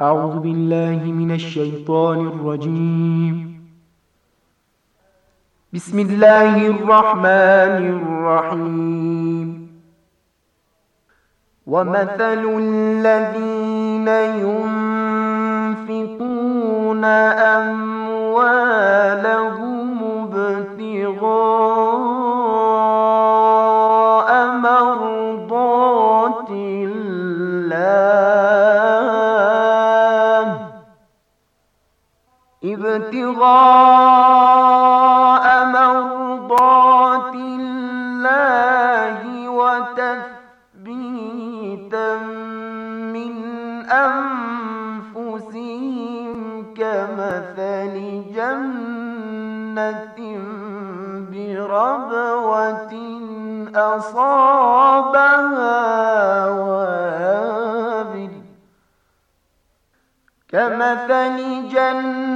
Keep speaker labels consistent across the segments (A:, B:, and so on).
A: أعوذ بالله من الشيطان الرجيم بسم الله الرحمن الرحيم ومثل الذين ينفقون أموالهم مرضات الله وتثبيتا من أنفسهم كمثل جنة بربوة أصابها وابل كمثل جنة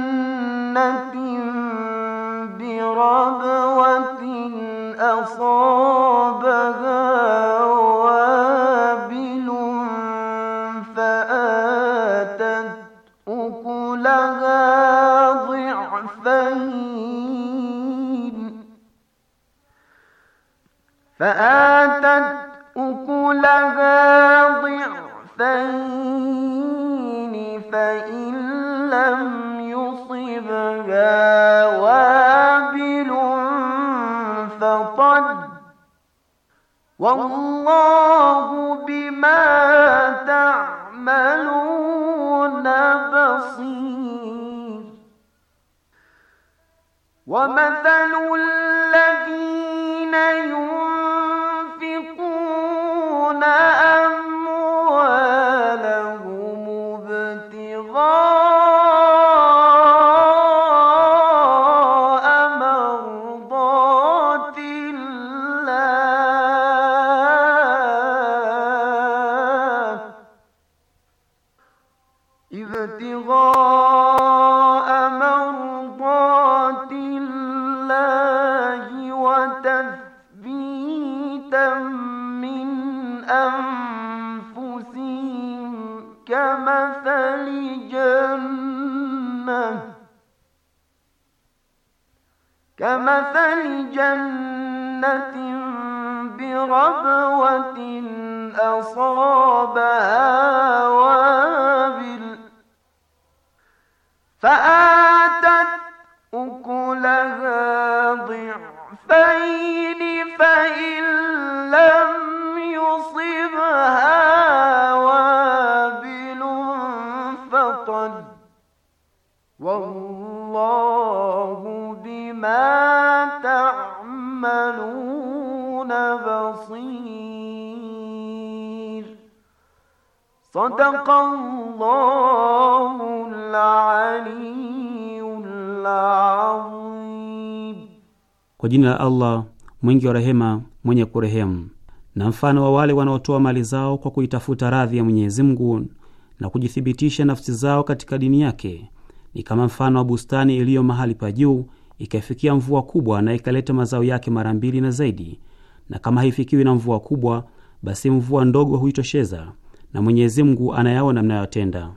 A: جنة بربوة أصابها وابل فآتت أكلها ضعفين فآتت والله بما تعملون بصير ومثل
B: Allah mwingi wa rehema, mwenye kurehemu. Na mfano wa wale wanaotoa mali zao kwa kuitafuta radhi ya Mwenyezi Mungu na kujithibitisha nafsi zao katika dini yake ni kama mfano wa bustani iliyo mahali pa juu, ikaifikia mvua kubwa na ikaleta mazao yake mara mbili na zaidi. Na kama haifikiwi na mvua kubwa, basi mvua ndogo huitosheza, na Mwenyezi Mungu anayaona mnayotenda.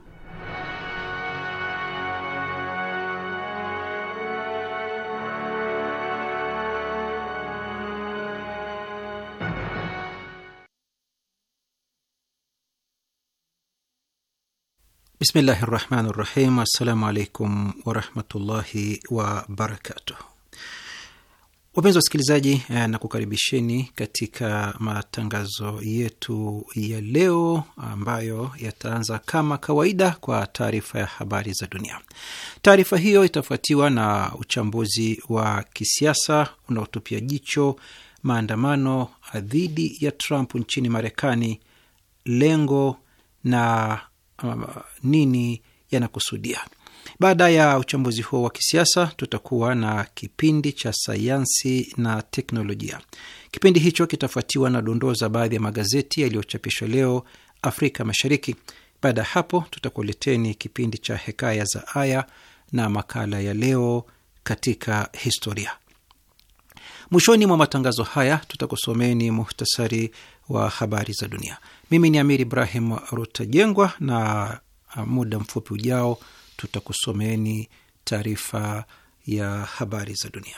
C: Bismillahi rahmani rahim. Assalamu alaikum warahmatullahi wabarakatuh. Wapenzi wa wasikilizaji, eh, na kukaribisheni katika matangazo yetu ya leo ambayo yataanza kama kawaida kwa taarifa ya habari za dunia. Taarifa hiyo itafuatiwa na uchambuzi wa kisiasa unaotupia jicho maandamano dhidi ya Trump nchini Marekani, lengo na nini yanakusudia. Baada ya uchambuzi huo wa kisiasa, tutakuwa na kipindi cha sayansi na teknolojia. Kipindi hicho kitafuatiwa na dondoo za baadhi ya magazeti yaliyochapishwa leo Afrika Mashariki. Baada ya hapo, tutakuleteni kipindi cha hekaya za aya na makala ya leo katika historia. Mwishoni mwa matangazo haya, tutakusomeni muhtasari wa habari za dunia. Mimi ni Amiri Ibrahim Rutajengwa, na uh, muda mfupi ujao tutakusomeeni taarifa ya habari za dunia.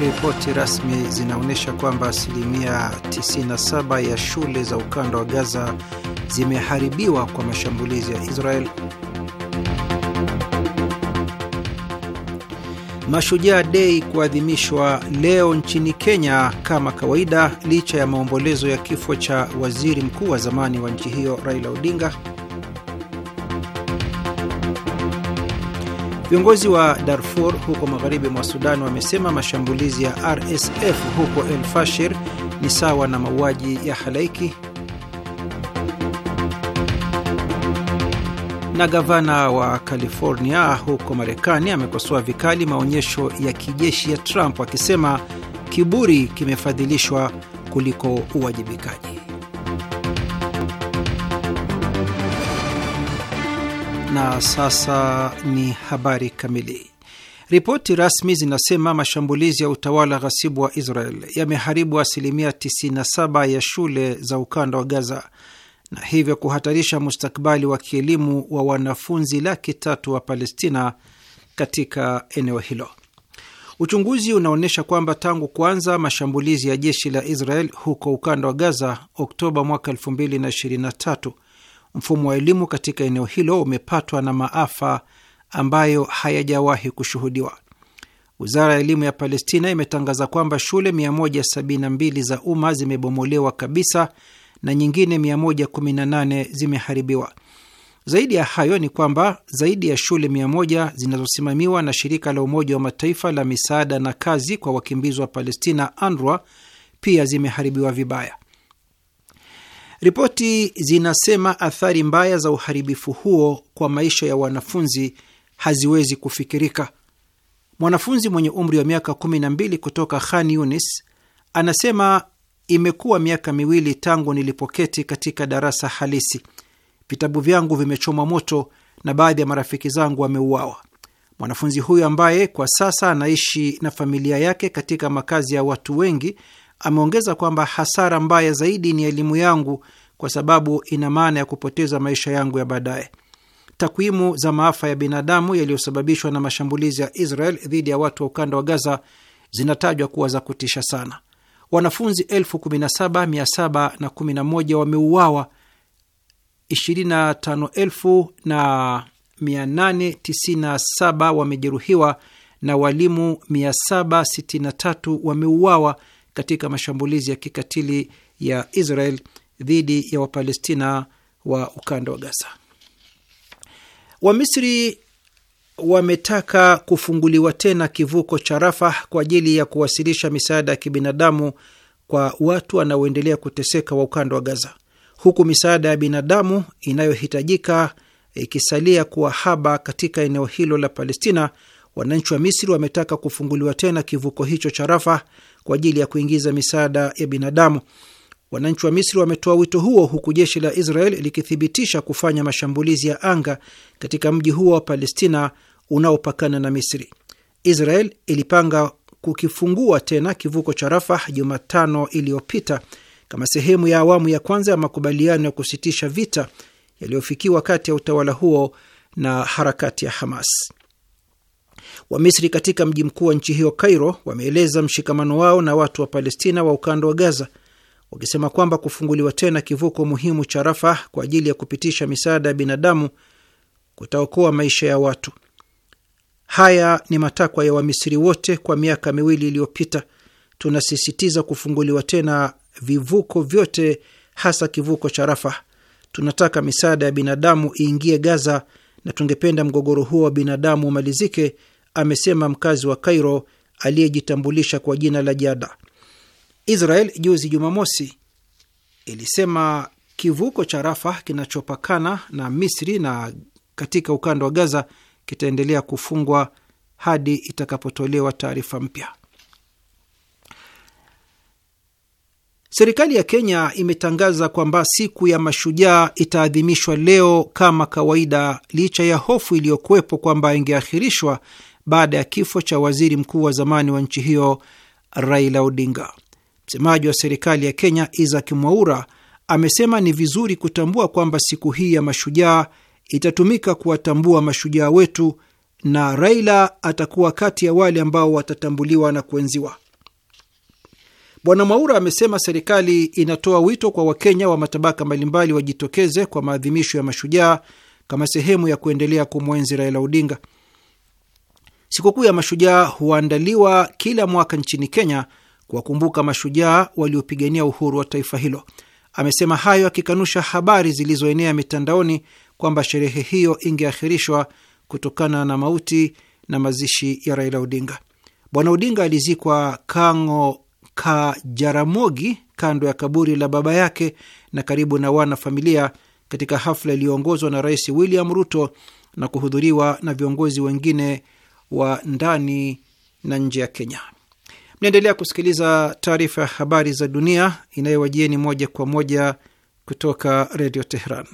C: Ripoti rasmi zinaonyesha kwamba asilimia 97 ya shule za ukanda wa Gaza zimeharibiwa kwa mashambulizi ya Israel. Mashujaa Dei kuadhimishwa leo nchini Kenya kama kawaida, licha ya maombolezo ya kifo cha waziri mkuu wa zamani wa nchi hiyo Raila Odinga. Viongozi wa Darfur huko magharibi mwa Sudan wamesema mashambulizi ya RSF huko El Fashir ni sawa na mauaji ya halaiki. Na gavana wa California huko Marekani amekosoa vikali maonyesho ya kijeshi ya Trump akisema kiburi kimefadhilishwa kuliko uwajibikaji. Na sasa ni habari kamili. Ripoti rasmi zinasema mashambulizi ya utawala ghasibu wa Israel yameharibu asilimia 97 ya shule za ukanda wa Gaza na hivyo kuhatarisha mustakbali wa kielimu wa wanafunzi laki tatu wa Palestina katika eneo hilo. Uchunguzi unaonyesha kwamba tangu kuanza mashambulizi ya jeshi la Israel huko ukanda wa Gaza Oktoba mwaka 2023 Mfumo wa elimu katika eneo hilo umepatwa na maafa ambayo hayajawahi kushuhudiwa. Wizara ya elimu ya Palestina imetangaza kwamba shule 172 za umma zimebomolewa kabisa na nyingine 118 zimeharibiwa. Zaidi ya hayo ni kwamba zaidi ya shule 100 zinazosimamiwa na shirika la Umoja wa Mataifa la misaada na kazi kwa wakimbizi wa Palestina, UNRWA, pia zimeharibiwa vibaya. Ripoti zinasema athari mbaya za uharibifu huo kwa maisha ya wanafunzi haziwezi kufikirika. Mwanafunzi mwenye umri wa miaka 12 kutoka Khan Yunis anasema imekuwa miaka miwili tangu nilipoketi katika darasa halisi. Vitabu vyangu vimechomwa moto na baadhi ya marafiki zangu wameuawa. Mwanafunzi huyu ambaye kwa sasa anaishi na familia yake katika makazi ya watu wengi Ameongeza kwamba hasara mbaya zaidi ni elimu yangu, kwa sababu ina maana ya kupoteza maisha yangu ya baadaye. Takwimu za maafa ya binadamu yaliyosababishwa na mashambulizi ya Israel dhidi ya watu wa ukanda wa Gaza zinatajwa kuwa za kutisha sana. Wanafunzi 17711 wameuawa, 25897 wamejeruhiwa na walimu 763 wameuawa katika mashambulizi ya kikatili ya Israel dhidi ya Wapalestina wa ukanda wa Gaza. Wamisri wametaka kufunguliwa tena kivuko cha Rafah kwa ajili ya kuwasilisha misaada ya kibinadamu kwa watu wanaoendelea kuteseka wa ukanda wa Gaza, huku misaada ya binadamu inayohitajika ikisalia kuwa haba katika eneo hilo la Palestina. Wananchi wa Misri wametaka kufunguliwa tena kivuko hicho cha Rafa kwa ajili ya kuingiza misaada ya binadamu. Wananchi wa Misri wametoa wito huo huku jeshi la Israel likithibitisha kufanya mashambulizi ya anga katika mji huo wa Palestina unaopakana na Misri. Israel ilipanga kukifungua tena kivuko cha Rafah Jumatano iliyopita kama sehemu ya awamu ya kwanza ya makubaliano ya kusitisha vita yaliyofikiwa kati ya utawala huo na harakati ya Hamas. Wamisri katika mji mkuu wa nchi hiyo Cairo wameeleza mshikamano wao na watu wa Palestina wa ukanda wa Gaza wakisema kwamba kufunguliwa tena kivuko muhimu cha rafa kwa ajili ya kupitisha misaada ya binadamu kutaokoa maisha ya watu. Haya ni matakwa ya Wamisri wote kwa miaka miwili iliyopita. Tunasisitiza kufunguliwa tena vivuko vyote, hasa kivuko cha rafa Tunataka misaada ya binadamu iingie Gaza na tungependa mgogoro huo wa binadamu umalizike amesema mkazi wa cairo aliyejitambulisha kwa jina la Jada. Israel juzi Jumamosi ilisema kivuko cha rafa kinachopakana na Misri na katika ukanda wa Gaza kitaendelea kufungwa hadi itakapotolewa taarifa mpya. Serikali ya Kenya imetangaza kwamba siku ya mashujaa itaadhimishwa leo kama kawaida, licha ya hofu iliyokuwepo kwamba ingeahirishwa baada ya kifo cha waziri mkuu wa zamani wa nchi hiyo Raila Odinga. Msemaji wa serikali ya Kenya Isaac Mwaura amesema ni vizuri kutambua kwamba siku hii ya mashujaa itatumika kuwatambua mashujaa wetu na Raila atakuwa kati ya wale ambao watatambuliwa na kuenziwa. Bwana Mwaura amesema serikali inatoa wito kwa Wakenya wa matabaka mbalimbali wajitokeze kwa maadhimisho ya mashujaa kama sehemu ya kuendelea kumwenzi Raila Odinga. Sikukuu ya mashujaa huandaliwa kila mwaka nchini Kenya kuwakumbuka mashujaa waliopigania uhuru wa taifa hilo. Amesema hayo akikanusha habari zilizoenea mitandaoni kwamba sherehe hiyo ingeahirishwa kutokana na mauti na mazishi ya Raila Odinga. Bwana Odinga alizikwa Kang'o ka Jaramogi, kando ya kaburi la baba yake na karibu na wana familia, katika hafla iliyoongozwa na Rais William Ruto na kuhudhuriwa na viongozi wengine wa ndani na nje ya Kenya. Mnaendelea kusikiliza taarifa ya habari za dunia inayowajieni moja kwa moja kutoka Redio Teheran.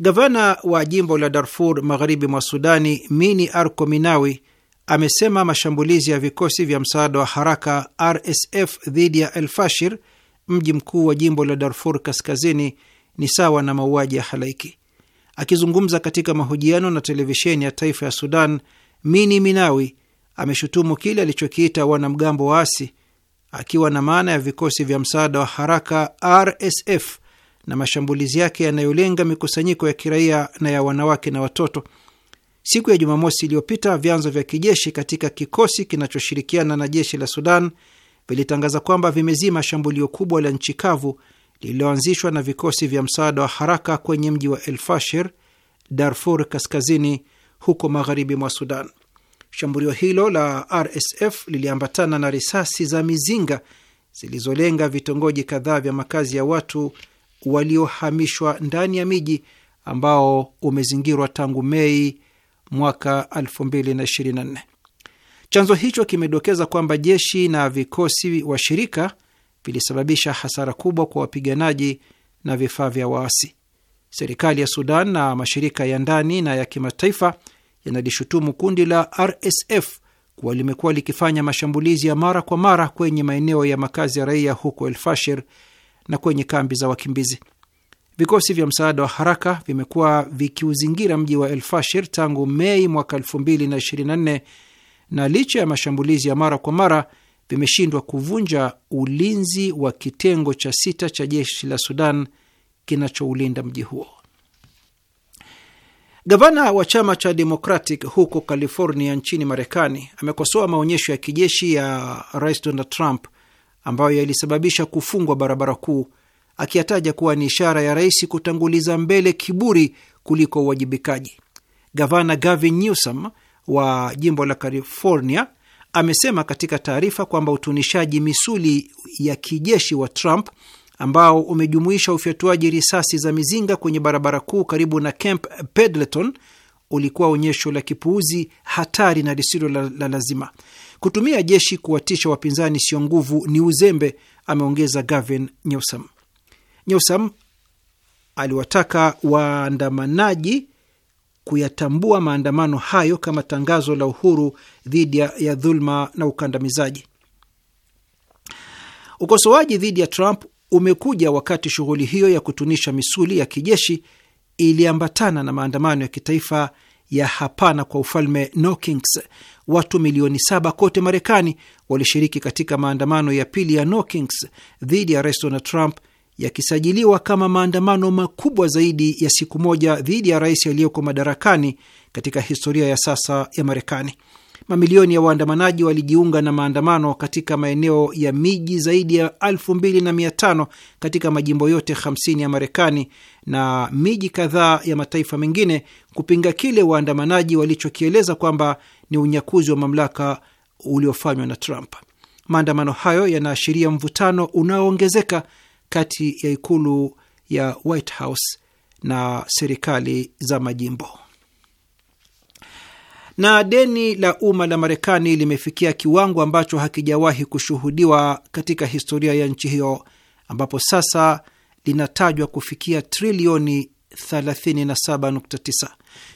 C: Gavana wa jimbo la Darfur magharibi mwa Sudani, Mini Arko Minawi, amesema mashambulizi ya vikosi vya msaada wa haraka RSF dhidi ya El Fashir, mji mkuu wa jimbo la Darfur kaskazini, ni sawa na mauaji ya halaiki. Akizungumza katika mahojiano na televisheni ya taifa ya Sudan, Mini Minawi ameshutumu kile alichokiita wanamgambo waasi, akiwa na maana ya vikosi vya msaada wa haraka RSF na mashambulizi yake yanayolenga mikusanyiko ya kiraia na ya wanawake na watoto. Siku ya Jumamosi iliyopita vyanzo vya kijeshi katika kikosi kinachoshirikiana na jeshi la Sudan vilitangaza kwamba vimezima shambulio kubwa la nchi kavu lililoanzishwa na vikosi vya msaada wa haraka kwenye mji wa El Fashir, Darfur Kaskazini, huko magharibi mwa Sudan. Shambulio hilo la RSF liliambatana na risasi za mizinga zilizolenga vitongoji kadhaa vya makazi ya watu waliohamishwa ndani ya miji ambao umezingirwa tangu Mei mwaka 2024. Chanzo hicho kimedokeza kwamba jeshi na vikosi washirika vilisababisha hasara kubwa kwa wapiganaji na vifaa vya waasi. Serikali ya Sudan na mashirika ya ndani na ya kimataifa yanalishutumu kundi la RSF kuwa limekuwa likifanya mashambulizi ya mara kwa mara kwenye maeneo ya makazi ya raia huko El Fasher na kwenye kambi za wakimbizi. Vikosi vya msaada wa haraka vimekuwa vikiuzingira mji wa El Fasher tangu Mei mwaka 2024 na licha ya mashambulizi ya mara kwa mara vimeshindwa kuvunja ulinzi wa kitengo cha sita cha jeshi la Sudan kinachoulinda mji huo. Gavana wa chama cha Democratic huko California nchini Marekani amekosoa maonyesho ya kijeshi ya Rais Donald Trump ambayo yalisababisha kufungwa barabara kuu, akiyataja kuwa ni ishara ya rais kutanguliza mbele kiburi kuliko uwajibikaji. Gavana Gavin Newsom wa jimbo la California amesema katika taarifa kwamba utunishaji misuli ya kijeshi wa Trump ambao umejumuisha ufyatuaji risasi za mizinga kwenye barabara kuu karibu na Camp Pendleton ulikuwa onyesho la kipuuzi, hatari na lisilo la, la lazima. Kutumia jeshi kuwatisha wapinzani sio nguvu, ni uzembe, ameongeza Gavin Newsom. Newsom aliwataka waandamanaji kuyatambua maandamano hayo kama tangazo la uhuru dhidi ya dhuluma na ukandamizaji. Ukosoaji dhidi ya Trump umekuja wakati shughuli hiyo ya kutunisha misuli ya kijeshi iliambatana na maandamano ya kitaifa ya hapana kwa ufalme No Kings. Watu milioni saba kote Marekani walishiriki katika maandamano ya pili ya No Kings dhidi ya rais Donald Trump yakisajiliwa kama maandamano makubwa zaidi ya siku moja dhidi ya rais aliyoko madarakani katika historia ya sasa ya Marekani. Mamilioni ya waandamanaji walijiunga na maandamano katika maeneo ya miji zaidi ya 2500 katika majimbo yote 50 ya Marekani na miji kadhaa ya mataifa mengine kupinga kile waandamanaji walichokieleza kwamba ni unyakuzi wa mamlaka uliofanywa na Trump. Maandamano hayo yanaashiria mvutano unaoongezeka kati ya ikulu ya White House na serikali za majimbo. Na deni la umma la Marekani limefikia kiwango ambacho hakijawahi kushuhudiwa katika historia ya nchi hiyo, ambapo sasa linatajwa kufikia trilioni 37.9.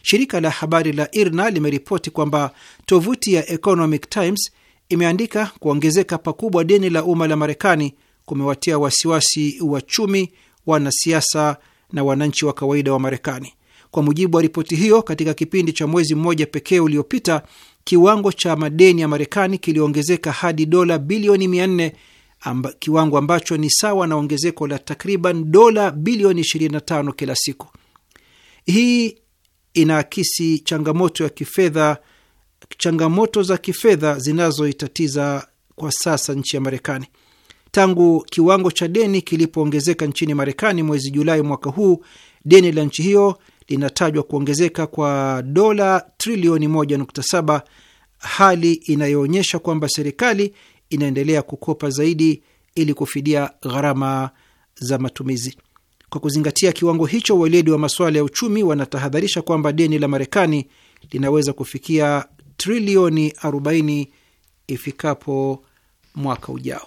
C: Shirika la habari la IRNA limeripoti kwamba tovuti ya Economic Times imeandika kuongezeka pakubwa deni la umma la Marekani kumewatia wasiwasi wachumi, wanasiasa na wananchi wa kawaida wa Marekani. Kwa mujibu wa ripoti hiyo, katika kipindi cha mwezi mmoja pekee uliopita, kiwango cha madeni ya Marekani kiliongezeka hadi dola bilioni 400 amba, kiwango ambacho ni sawa na ongezeko la takriban dola bilioni 25 kila siku. Hii inaakisi changamoto ya kifedha, changamoto za kifedha zinazoitatiza kwa sasa nchi ya Marekani tangu kiwango cha deni kilipoongezeka nchini Marekani mwezi Julai mwaka huu, deni la nchi hiyo linatajwa kuongezeka kwa dola trilioni 1.7, hali inayoonyesha kwamba serikali inaendelea kukopa zaidi ili kufidia gharama za matumizi. Kwa kuzingatia kiwango hicho, weledi wa masuala ya uchumi wanatahadharisha kwamba deni la Marekani linaweza kufikia trilioni 40 ifikapo mwaka ujao.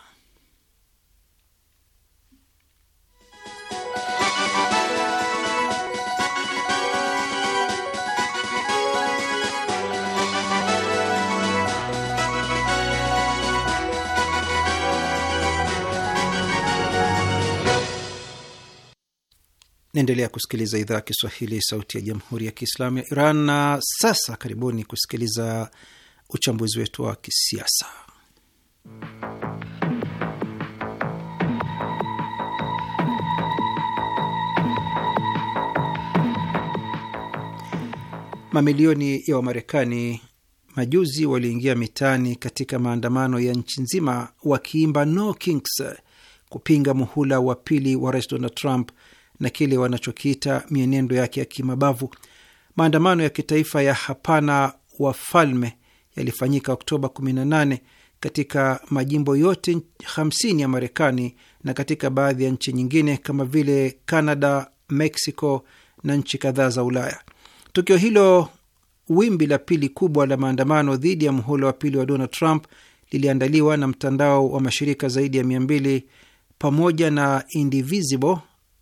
C: Naendelea kusikiliza idhaa ya Kiswahili, sauti ya jamhuri ya kiislamu ya Iran. Na sasa karibuni kusikiliza uchambuzi wetu wa kisiasa. Mamilioni ya Wamarekani majuzi waliingia mitaani katika maandamano ya nchi nzima wakiimba no Kings kupinga muhula wa pili wa rais Donald Trump na kile wanachokiita mienendo yake ya kimabavu. Maandamano ya kitaifa ya hapana wafalme yalifanyika Oktoba 18 katika majimbo yote 50 ya Marekani na katika baadhi ya nchi nyingine kama vile Canada, Mexico na nchi kadhaa za Ulaya. Tukio hilo, wimbi la pili kubwa la maandamano dhidi ya mhula wa pili wa Donald Trump, liliandaliwa na mtandao wa mashirika zaidi ya 200 pamoja na Indivisible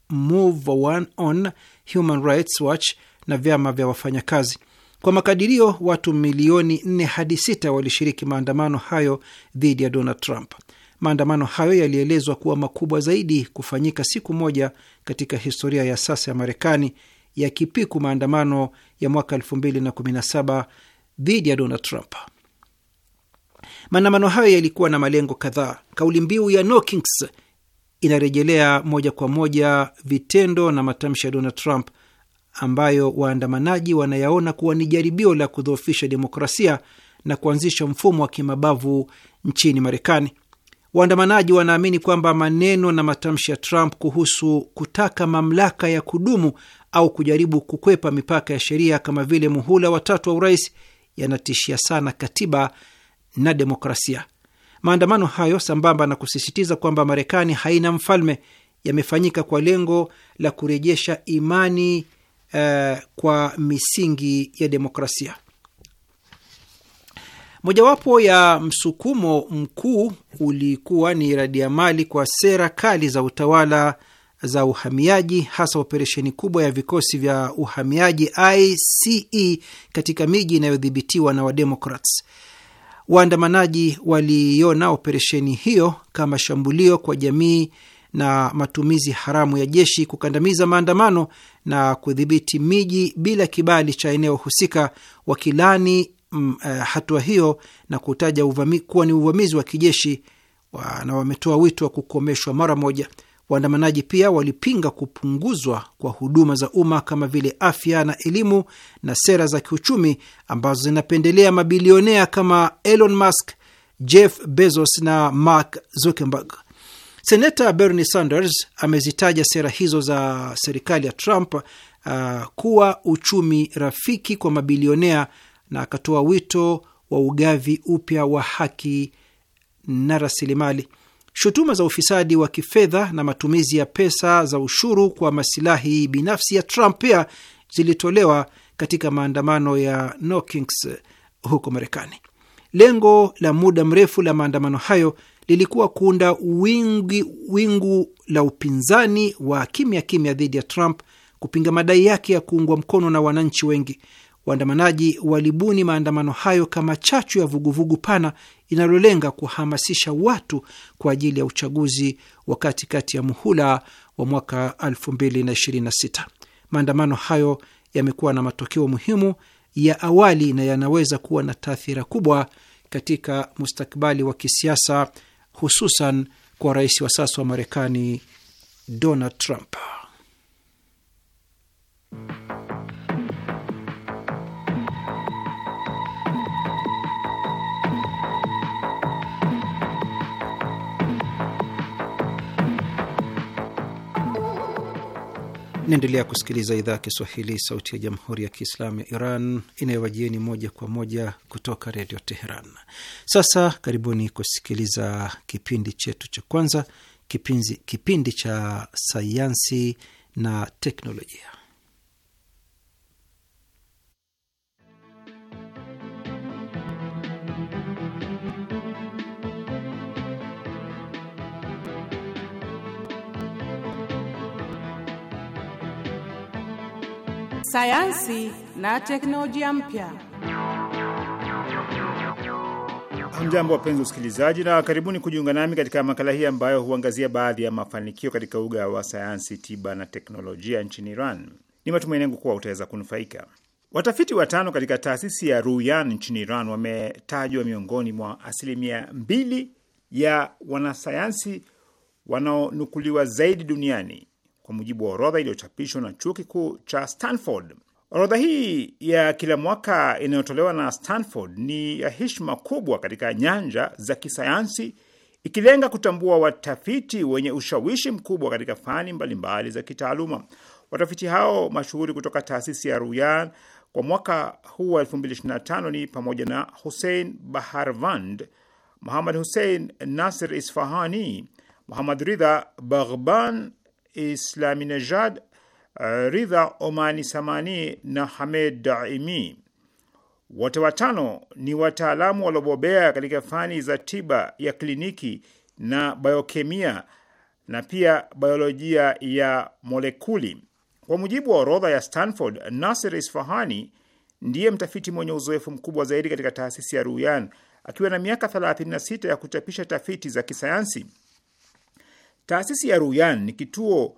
C: Move On, Human Rights Watch na vyama vya wafanyakazi. Kwa makadirio, watu milioni 4 hadi 6 walishiriki maandamano hayo dhidi ya Donald Trump. Maandamano hayo yalielezwa kuwa makubwa zaidi kufanyika siku moja katika historia ya sasa ya Marekani, yakipiku maandamano ya mwaka 2017 dhidi ya Donald Trump. Maandamano hayo yalikuwa na malengo kadhaa. Kauli mbiu ya No Kings inarejelea moja kwa moja vitendo na matamshi ya Donald Trump ambayo waandamanaji wanayaona kuwa ni jaribio la kudhoofisha demokrasia na kuanzisha mfumo wa kimabavu nchini Marekani. Waandamanaji wanaamini kwamba maneno na matamshi ya Trump kuhusu kutaka mamlaka ya kudumu au kujaribu kukwepa mipaka ya sheria kama vile muhula watatu wa urais yanatishia sana katiba na demokrasia. Maandamano hayo sambamba na kusisitiza kwamba Marekani haina mfalme, yamefanyika kwa lengo la kurejesha imani uh, kwa misingi ya demokrasia. Mojawapo ya msukumo mkuu ulikuwa ni mali kwa sera kali za utawala za uhamiaji, hasa operesheni kubwa ya vikosi vya uhamiaji ICE katika miji inayodhibitiwa na Wademokrats. Waandamanaji waliiona operesheni hiyo kama shambulio kwa jamii na matumizi haramu ya jeshi kukandamiza maandamano na kudhibiti miji bila kibali cha eneo husika, wakilani mm, eh, hatua hiyo na kutaja uvami, kuwa ni uvamizi wa kijeshi na wametoa wito wa kukomeshwa mara moja. Waandamanaji pia walipinga kupunguzwa kwa huduma za umma kama vile afya na elimu na sera za kiuchumi ambazo zinapendelea mabilionea kama Elon Musk, Jeff Bezos na Mark Zuckerberg. Senata Bernie Sanders amezitaja sera hizo za serikali ya Trump uh, kuwa uchumi rafiki kwa mabilionea na akatoa wito wa ugavi upya wa haki na rasilimali. Shutuma za ufisadi wa kifedha na matumizi ya pesa za ushuru kwa masilahi binafsi ya Trump pia zilitolewa katika maandamano ya Knoxings huko Marekani. Lengo la muda mrefu la maandamano hayo lilikuwa kuunda wingi, wingu la upinzani wa kimya kimya dhidi ya Trump kupinga madai yake ya kuungwa mkono na wananchi wengi Waandamanaji walibuni maandamano hayo kama chachu ya vuguvugu pana inalolenga kuhamasisha watu kwa ajili ya uchaguzi wa katikati ya muhula wa mwaka 2026. Maandamano hayo yamekuwa na matokeo muhimu ya awali na yanaweza kuwa na taathira kubwa katika mustakabali wa kisiasa, hususan kwa rais wa sasa wa Marekani Donald Trump. Naendelea kusikiliza idhaa ya Kiswahili, sauti ya jamhuri ya kiislamu ya Iran inayowajieni moja kwa moja kutoka redio Teheran. Sasa karibuni kusikiliza kipindi chetu cha kwanza, kipindi, kipindi cha sayansi na teknolojia.
D: sayansi na teknolojia mpya. Hamjambo, wapenzi usikilizaji, na karibuni kujiunga nami katika makala hii ambayo huangazia baadhi ya mafanikio katika uga wa sayansi, tiba na teknolojia nchini Iran. Ni matumaini yangu kuwa utaweza kunufaika. Watafiti watano katika taasisi ya Ruyan nchini Iran wametajwa miongoni mwa asilimia mbili ya wanasayansi wanaonukuliwa zaidi duniani kwa mujibu wa orodha iliyochapishwa na chuo kikuu cha Stanford. Orodha hii ya kila mwaka inayotolewa na Stanford ni ya heshima kubwa katika nyanja za kisayansi, ikilenga kutambua watafiti wenye ushawishi mkubwa katika fani mbalimbali za kitaaluma. Watafiti hao mashuhuri kutoka taasisi ya Ruyan kwa mwaka huu wa 2025 ni pamoja na Hussein Baharvand, Muhammad Hussein Nasir Isfahani, Muhammad Ridha Baghban islami nejad Ridha Omani Samani na Hamed Daimi. Wote watano ni wataalamu waliobobea katika fani za tiba ya kliniki na biokemia na pia biolojia ya molekuli. Kwa mujibu wa orodha ya Stanford, Nasir Isfahani ndiye mtafiti mwenye uzoefu mkubwa zaidi katika taasisi ya Ruyan akiwa na miaka 36 ya kuchapisha tafiti za kisayansi. Taasisi ya Ruyan ni kituo uh,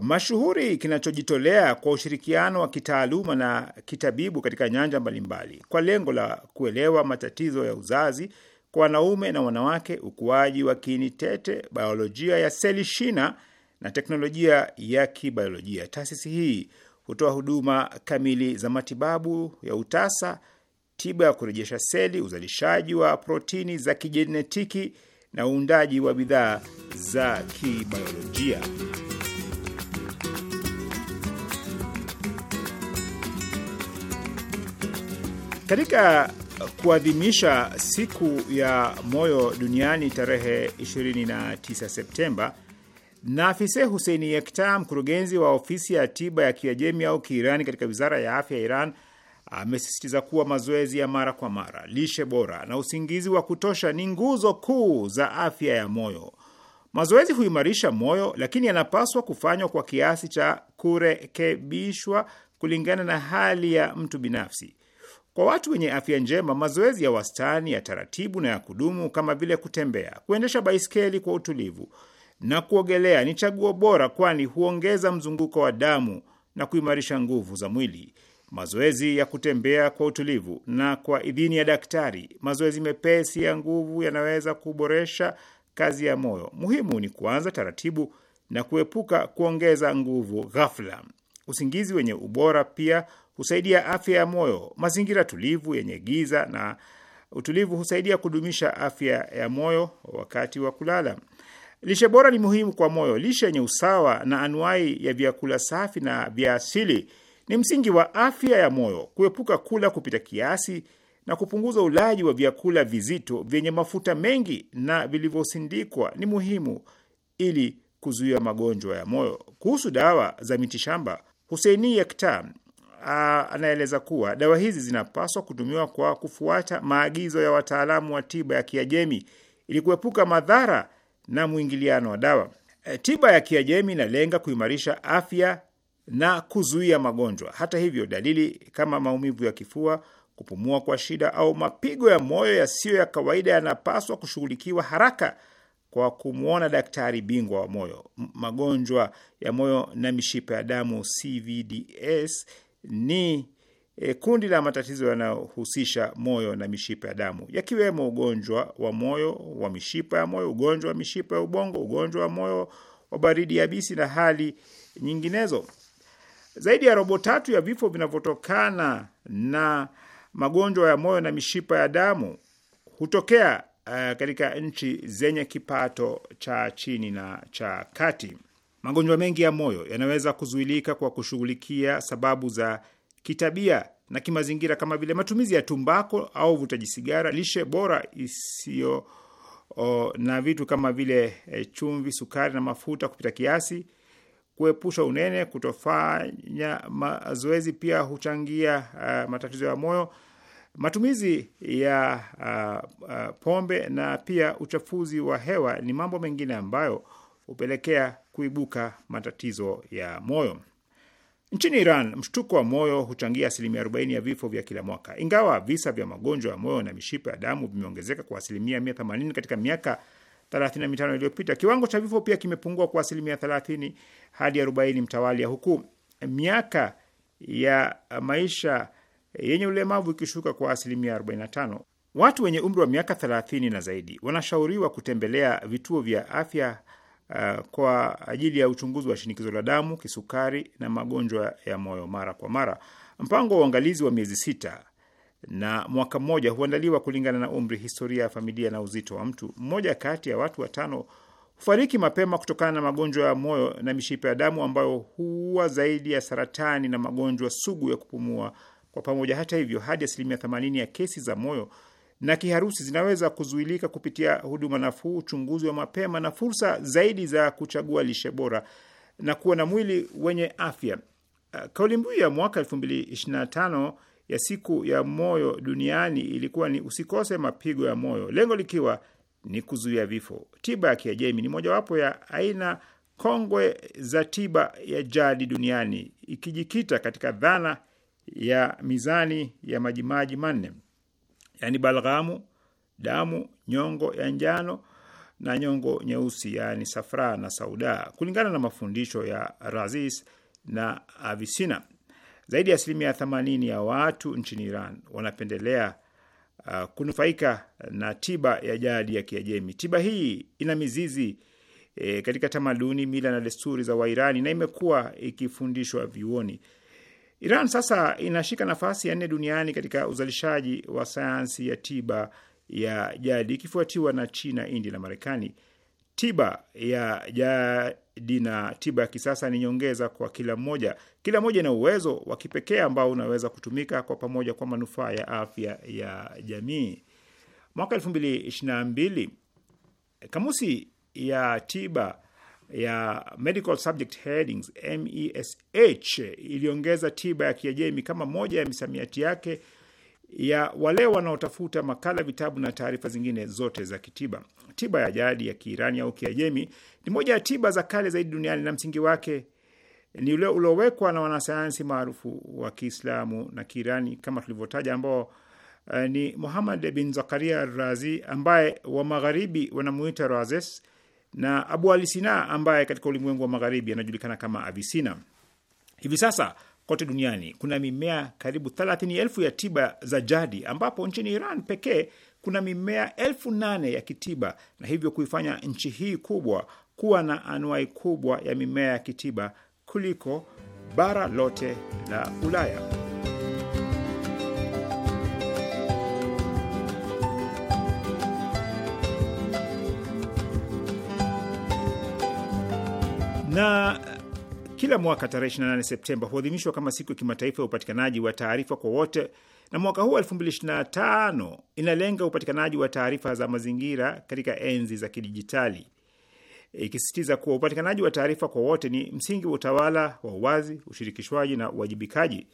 D: mashuhuri kinachojitolea kwa ushirikiano wa kitaaluma na kitabibu katika nyanja mbalimbali kwa lengo la kuelewa matatizo ya uzazi kwa wanaume na wanawake, ukuaji wa kiini tete, biolojia ya seli shina na teknolojia ya kibiolojia. Taasisi hii hutoa huduma kamili za matibabu ya utasa, tiba ya kurejesha seli, uzalishaji wa protini za kijenetiki na uundaji wa bidhaa za kibiolojia. Katika kuadhimisha siku ya moyo duniani tarehe 29 Septemba, Nafise Huseini Yekta, mkurugenzi wa ofisi ya tiba ya Kiajemi au Kiirani katika wizara ya afya ya Iran, amesisitiza kuwa mazoezi ya mara kwa mara, lishe bora na usingizi wa kutosha ni nguzo kuu za afya ya moyo. Mazoezi huimarisha moyo, lakini yanapaswa kufanywa kwa kiasi cha kurekebishwa kulingana na hali ya mtu binafsi. Kwa watu wenye afya njema, mazoezi ya wastani, ya taratibu na ya kudumu kama vile kutembea, kuendesha baiskeli kwa utulivu na kuogelea ni chaguo bora, kwani huongeza mzunguko wa damu na kuimarisha nguvu za mwili mazoezi ya kutembea kwa utulivu na kwa idhini ya daktari. Mazoezi mepesi ya nguvu yanaweza kuboresha kazi ya moyo. Muhimu ni kuanza taratibu na kuepuka kuongeza nguvu ghafla. Usingizi wenye ubora pia husaidia afya ya moyo. Mazingira tulivu yenye giza na utulivu husaidia kudumisha afya ya moyo wakati wa kulala. Lishe bora ni muhimu kwa moyo. Lishe yenye usawa na anuai ya vyakula safi na vya asili ni msingi wa afya ya moyo kuepuka kula kupita kiasi na kupunguza ulaji wa vyakula vizito vyenye mafuta mengi na vilivyosindikwa ni muhimu ili kuzuia magonjwa ya moyo. Kuhusu dawa za mitishamba, Huseini Yekta anaeleza kuwa dawa hizi zinapaswa kutumiwa kwa kufuata maagizo ya wataalamu wa tiba ya Kiajemi ili kuepuka madhara na mwingiliano wa dawa. E, tiba ya Kiajemi inalenga kuimarisha afya na kuzuia magonjwa. Hata hivyo, dalili kama maumivu ya kifua, kupumua kwa shida au mapigo ya moyo yasiyo ya kawaida yanapaswa kushughulikiwa haraka kwa kumwona daktari bingwa wa moyo. Magonjwa ya moyo na mishipa ya damu CVDs ni e, kundi la matatizo yanayohusisha moyo na mishipa ya damu yakiwemo ugonjwa wa moyo wa mishipa ya moyo, ugonjwa wa mishipa ya ubongo, ugonjwa wa moyo wa baridi yabisi na hali nyinginezo. Zaidi ya robo tatu ya vifo vinavyotokana na magonjwa ya moyo na mishipa ya damu hutokea uh, katika nchi zenye kipato cha chini na cha kati. Magonjwa mengi ya moyo yanaweza kuzuilika kwa kushughulikia sababu za kitabia na kimazingira kama vile matumizi ya tumbako au uvutaji sigara, lishe bora isiyo oh, na vitu kama vile eh, chumvi, sukari na mafuta kupita kiasi, kuepusha unene, kutofanya mazoezi pia huchangia uh, matatizo ya moyo, matumizi ya uh, uh, pombe na pia uchafuzi wa hewa ni mambo mengine ambayo hupelekea kuibuka matatizo ya moyo. Nchini Iran, mshtuko wa moyo huchangia asilimia 40 ya vifo vya kila mwaka. Ingawa visa vya magonjwa ya moyo na mishipa ya damu vimeongezeka kwa asilimia 180 katika miaka 35 iliyopita. Kiwango cha vifo pia kimepungua kwa asilimia 30 hadi 40 mtawalia, huku miaka ya maisha yenye ulemavu ikishuka kwa asilimia 45. Watu wenye umri wa miaka 30 na zaidi wanashauriwa kutembelea vituo vya afya uh, kwa ajili ya uchunguzi wa shinikizo la damu, kisukari na magonjwa ya moyo mara kwa mara. Mpango wa uangalizi wa miezi sita na mwaka mmoja huandaliwa kulingana na umri, historia ya familia na uzito wa mtu. Mmoja kati ya watu watano hufariki mapema kutokana na magonjwa ya moyo na mishipa ya damu ambayo huwa zaidi ya saratani na magonjwa sugu ya kupumua kwa pamoja. Hata hivyo, hadi asilimia 80 ya kesi za moyo na kiharusi zinaweza kuzuilika kupitia huduma nafuu, uchunguzi wa mapema na fursa zaidi za kuchagua lishe bora na kuwa na mwili wenye afya. Uh, kauli mbiu ya mwaka tano ya siku ya moyo duniani ilikuwa ni usikose mapigo ya moyo, lengo likiwa ni kuzuia vifo. Tiba ya Kiajemi ni mojawapo ya aina kongwe za tiba ya jadi duniani, ikijikita katika dhana ya mizani ya majimaji manne, yaani balghamu, damu, nyongo ya njano na nyongo nyeusi, yaani safra na sauda, kulingana na mafundisho ya Razis na Avisina. Zaidi ya asilimia themanini ya watu nchini Iran wanapendelea uh, kunufaika na tiba ya jadi ya Kiajemi. Tiba hii ina mizizi e, katika tamaduni, mila na desturi za Wairani na imekuwa ikifundishwa vyuoni. Iran sasa inashika nafasi ya nne duniani katika uzalishaji wa sayansi ya tiba ya jadi ikifuatiwa na China, India na Marekani tiba ya jadi na tiba ya kisasa ni nyongeza kwa kila mmoja. Kila mmoja ina uwezo wa kipekee ambao unaweza kutumika kwa pamoja kwa manufaa ya afya ya jamii. Mwaka elfu mbili ishirini na mbili kamusi ya tiba ya Medical Subject Headings MESH iliongeza tiba ya Kiajemi kama moja ya misamiati yake ya wale wanaotafuta makala, vitabu na taarifa zingine zote za kitiba. Tiba ya jadi ya Kiirani au Kiajemi ni moja ya tiba za kale zaidi duniani na msingi wake ni ule uliowekwa na wanasayansi maarufu wa Kiislamu na Kiirani kama tulivyotaja, ambao uh, ni Muhammad bin Zakaria Razi ambaye wa magharibi wanamuita Razes na Abu Alisina ambaye katika ulimwengu wa magharibi anajulikana kama Avicina. Hivi sasa kote duniani kuna mimea karibu 30,000 ya tiba za jadi ambapo nchini Iran pekee kuna mimea elfu nane ya kitiba na hivyo kuifanya nchi hii kubwa kuwa na anuai kubwa ya mimea ya kitiba kuliko bara lote la Ulaya. na kila mwaka tarehe 28 Septemba huadhimishwa kama siku ya kimataifa ya upatikanaji wa taarifa kwa wote, na mwaka huu 2025 inalenga upatikanaji wa taarifa za mazingira katika enzi za kidijitali, ikisisitiza kuwa upatikanaji wa taarifa kwa wote ni msingi wa utawala wa uwazi, ushirikishwaji na uwajibikaji.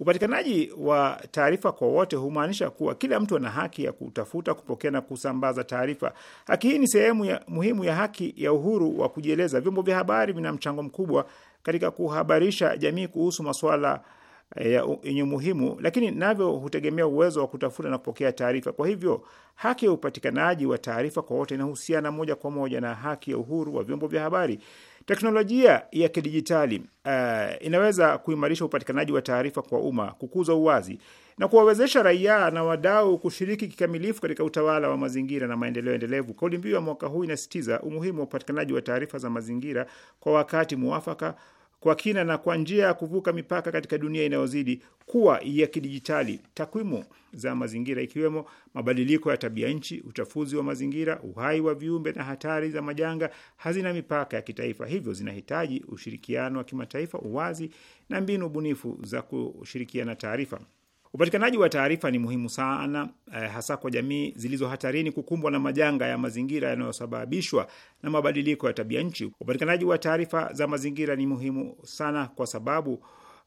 D: Upatikanaji wa taarifa kwa wote humaanisha kuwa kila mtu ana haki ya kutafuta, kupokea na kusambaza taarifa. Haki hii ni sehemu muhimu ya haki ya uhuru wa kujieleza. Vyombo vya habari vina mchango mkubwa katika kuhabarisha jamii kuhusu masuala eh, yenye umuhimu, lakini navyo hutegemea uwezo wa kutafuta na kupokea taarifa. Kwa hivyo, haki ya upatikanaji wa taarifa kwa wote inahusiana moja kwa moja na haki ya uhuru wa vyombo vya habari. Teknolojia ya kidijitali uh, inaweza kuimarisha upatikanaji wa taarifa kwa umma, kukuza uwazi na kuwawezesha raia na wadau kushiriki kikamilifu katika utawala wa mazingira na maendeleo endelevu. Kauli mbiu ya mwaka huu inasisitiza umuhimu wa upatikanaji wa taarifa za mazingira kwa wakati mwafaka, kwa kina na kwa njia ya kuvuka mipaka katika dunia inayozidi kuwa ya kidijitali. Takwimu za mazingira, ikiwemo mabadiliko ya tabia nchi, uchafuzi wa mazingira, uhai wa viumbe na hatari za majanga, hazina mipaka ya kitaifa, hivyo zinahitaji ushirikiano wa kimataifa, uwazi na mbinu bunifu za kushirikiana taarifa. Upatikanaji wa taarifa ni muhimu sana eh, hasa kwa jamii zilizo hatarini kukumbwa na majanga ya mazingira yanayosababishwa na mabadiliko ya tabia nchi. Upatikanaji wa taarifa za mazingira ni muhimu sana kwa sababu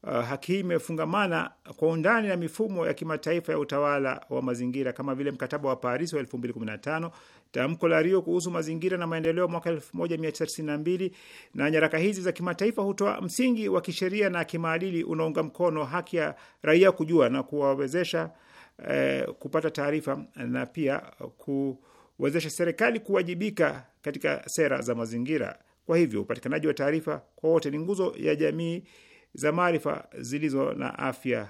D: uh, haki hii imefungamana kwa undani na mifumo ya kimataifa ya utawala wa mazingira kama vile mkataba wa Paris wa 2015, tamko la Rio kuhusu mazingira na maendeleo mwaka 1992. Na nyaraka hizi za kimataifa hutoa msingi wa kisheria na kimaadili unaunga mkono haki ya raia kujua na kuwawezesha eh, kupata taarifa na pia kuwezesha serikali kuwajibika katika sera za mazingira. Kwa hivyo upatikanaji wa taarifa kwa wote ni nguzo ya jamii za maarifa zilizo na afya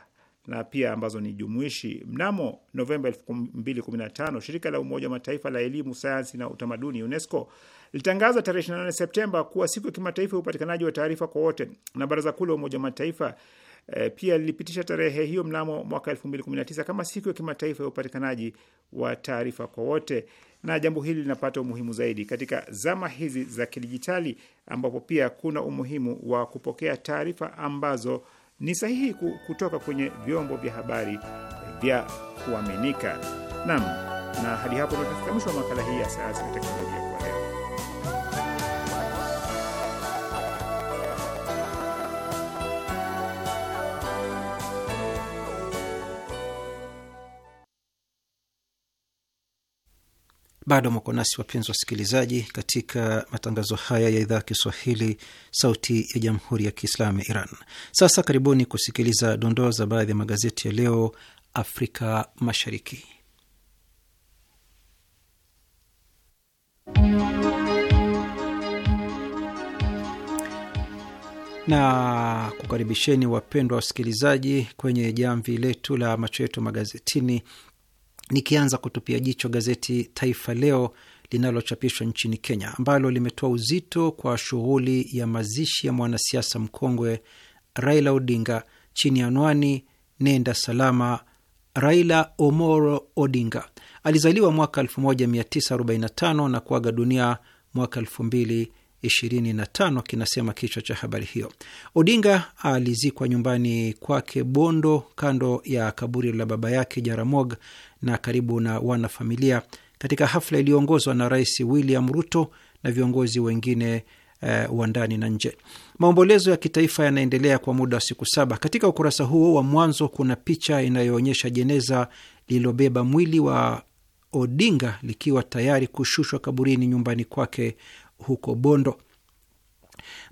D: na pia ambazo ni jumuishi. Mnamo Novemba 2015 shirika la Umoja wa Mataifa la elimu, sayansi na utamaduni UNESCO litangaza tarehe 28 Septemba kuwa siku ya kimataifa ya upatikanaji wa taarifa kwa wote, na Baraza Kuu la Umoja wa Mataifa e, pia lilipitisha tarehe hiyo mnamo mwaka 2019 kama siku ya kimataifa ya upatikanaji wa taarifa kwa wote, na jambo hili linapata umuhimu zaidi katika zama hizi za kidijitali, ambapo pia kuna umuhimu wa kupokea taarifa ambazo ni sahihi kutoka kwenye vyombo vya habari vya kuaminika. Naam, na hadi hapo tunafika mwisho wa makala hii ya sayansi na teknolojia.
C: Bado mwako nasi wapenzi wasikilizaji, katika matangazo haya ya idhaa ya Kiswahili, sauti ya jamhuri ya kiislamu ya Iran. Sasa karibuni kusikiliza dondoo za baadhi ya magazeti ya leo Afrika Mashariki. na kukaribisheni wapendwa wasikilizaji kwenye jamvi letu la macho yetu magazetini Nikianza kutupia jicho gazeti Taifa Leo linalochapishwa nchini Kenya, ambalo limetoa uzito kwa shughuli ya mazishi ya mwanasiasa mkongwe Raila Odinga chini ya anwani nenda salama. Raila Omoro Odinga alizaliwa mwaka 1945 na kuaga dunia mwaka 25 kinasema kichwa cha habari hiyo. Odinga alizikwa nyumbani kwake Bondo, kando ya kaburi la baba yake Jaramog na karibu na wanafamilia, katika hafla iliyoongozwa na Rais William Ruto na viongozi wengine uh, wa ndani na nje. Maombolezo ya kitaifa yanaendelea kwa muda wa siku saba. Katika ukurasa huo wa mwanzo kuna picha inayoonyesha jeneza lililobeba mwili wa Odinga likiwa tayari kushushwa kaburini nyumbani kwake huko Bondo.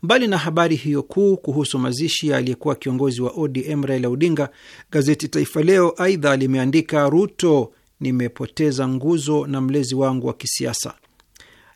C: Mbali na habari hiyo kuu kuhusu mazishi ya aliyekuwa kiongozi wa ODM Raila Odinga, gazeti Taifa Leo aidha limeandika Ruto, nimepoteza nguzo na mlezi wangu wa kisiasa.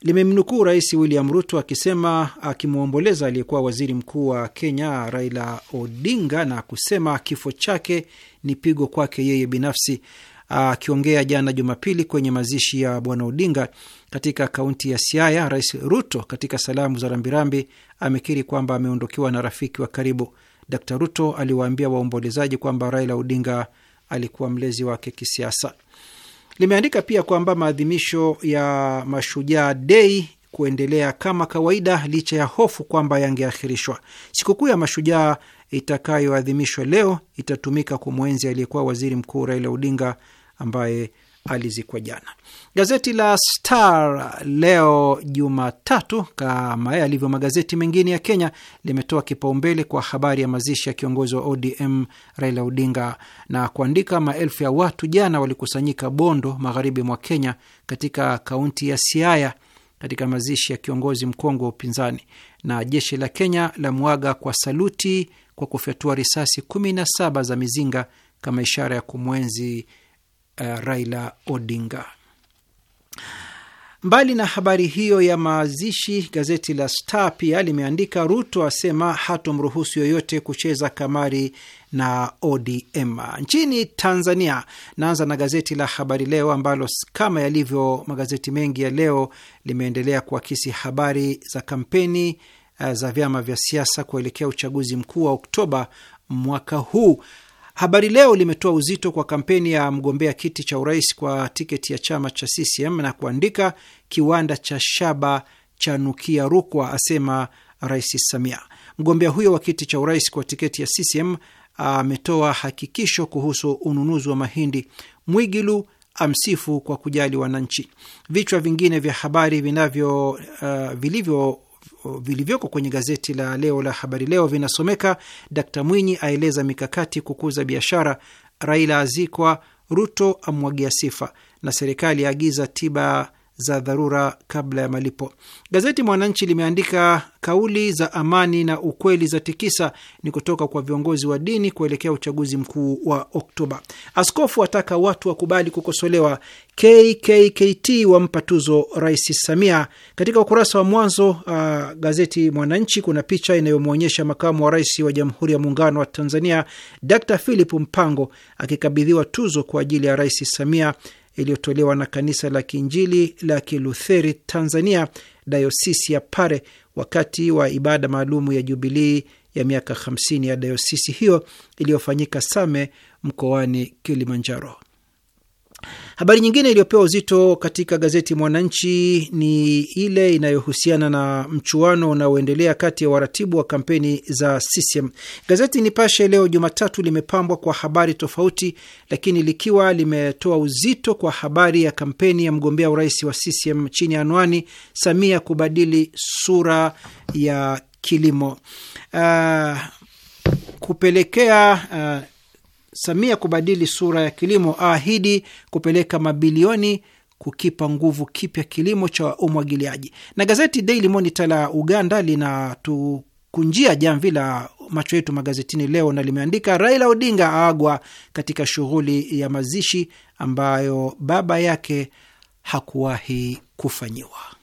C: Limemnukuu Rais William Ruto akisema akimwomboleza aliyekuwa waziri mkuu wa Kenya Raila Odinga na kusema kifo chake ni pigo kwake yeye binafsi. Akiongea jana Jumapili kwenye mazishi ya Bwana Odinga, katika kaunti ya Siaya, Rais Ruto katika salamu za rambirambi amekiri kwamba ameondokiwa na rafiki wa karibu. Dkt Ruto aliwaambia waombolezaji kwamba Raila Odinga alikuwa mlezi wake kisiasa. Limeandika pia kwamba maadhimisho ya Mashujaa Dei kuendelea kama kawaida licha ya hofu kwamba yangeahirishwa. Sikukuu ya Mashujaa itakayoadhimishwa leo itatumika kumwenzi aliyekuwa waziri mkuu Raila Odinga ambaye alizikwa jana. Gazeti la Star leo Jumatatu, kama yalivyo magazeti mengine ya Kenya, limetoa kipaumbele kwa habari ya mazishi ya kiongozi wa ODM Raila Odinga na kuandika, maelfu ya watu jana walikusanyika Bondo, magharibi mwa Kenya, katika kaunti ya Siaya katika mazishi ya kiongozi mkongwe wa upinzani, na jeshi la Kenya la mwaga kwa saluti kwa kufyatua risasi 17 za mizinga kama ishara ya kumwenzi uh, Raila Odinga. Mbali na habari hiyo ya mazishi, gazeti la Star pia limeandika Ruto asema hatomruhusu yoyote kucheza kamari na ODM nchini Tanzania. Naanza na gazeti la Habari Leo ambalo kama yalivyo magazeti mengi ya leo limeendelea kuakisi habari za kampeni eh, za vyama vya siasa kuelekea uchaguzi mkuu wa Oktoba mwaka huu. Habari Leo limetoa uzito kwa kampeni ya mgombea kiti cha urais kwa tiketi ya chama cha CCM na kuandika kiwanda cha shaba cha nukia Rukwa, asema Rais Samia. Mgombea huyo wa kiti cha urais kwa tiketi ya CCM ametoa hakikisho kuhusu ununuzi wa mahindi. Mwigilu amsifu kwa kujali wananchi. Vichwa vingine vya habari vinavyo uh, vilivyo vilivyoko kwenye gazeti la leo la Habari Leo vinasomeka: Dkt Mwinyi aeleza mikakati kukuza biashara, Raila azikwa, Ruto amwagia sifa, na serikali aagiza tiba za dharura kabla ya malipo. Gazeti Mwananchi limeandika kauli za amani na ukweli za tikisa ni kutoka kwa viongozi wa dini kuelekea uchaguzi mkuu wa Oktoba. Askofu ataka watu wakubali kukosolewa. KKKT wampa tuzo Rais Samia. Katika ukurasa wa mwanzo uh, gazeti Mwananchi kuna picha inayomwonyesha makamu wa rais wa Jamhuri ya Muungano wa Tanzania Dr Philip Mpango akikabidhiwa tuzo kwa ajili ya Rais Samia iliyotolewa na kanisa la Kiinjili la Kilutheri Tanzania, dayosisi ya Pare, wakati wa ibada maalumu ya jubilii ya miaka 50 ya dayosisi hiyo iliyofanyika Same mkoani Kilimanjaro. Habari nyingine iliyopewa uzito katika gazeti Mwananchi ni ile inayohusiana na mchuano unaoendelea kati ya waratibu wa kampeni za CCM. Gazeti Nipashe leo Jumatatu limepambwa kwa habari tofauti, lakini likiwa limetoa uzito kwa habari ya kampeni ya mgombea urais wa CCM chini ya anwani Samia kubadili sura ya kilimo, uh, kupelekea uh, Samia kubadili sura ya kilimo, aahidi kupeleka mabilioni kukipa nguvu kipya kilimo cha umwagiliaji. Na gazeti Daily Monitor la Uganda linatukunjia jamvi la macho yetu magazetini leo na limeandika Raila Odinga aagwa katika shughuli ya mazishi ambayo baba yake hakuwahi kufanyiwa.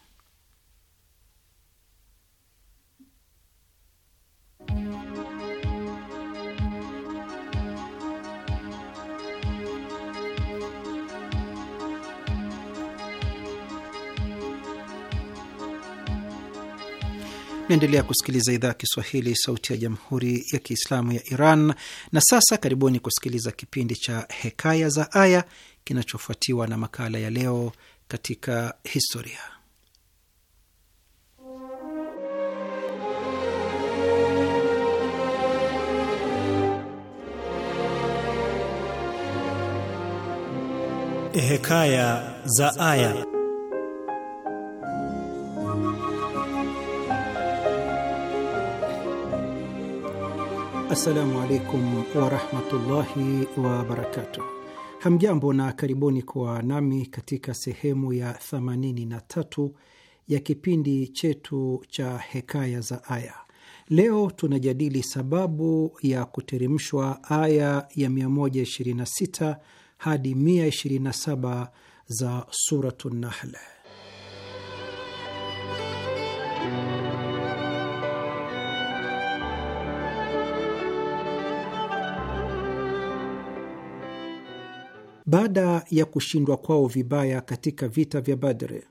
C: naendelea kusikiliza idhaa ya Kiswahili, sauti ya jamhuri ya kiislamu ya Iran. Na sasa karibuni kusikiliza kipindi cha Hekaya za Aya kinachofuatiwa na makala ya Leo katika Historia.
B: Hekaya za Aya.
C: Assalamu alaikum warahmatullahi wabarakatuh. Hamjambo na karibuni kwa nami katika sehemu ya 83 ya kipindi chetu cha Hekaya za Aya. Leo tunajadili sababu ya kuteremshwa aya ya 126 hadi 127 za Suratu Baada ya kushindwa kwao vibaya katika vita vya Badre,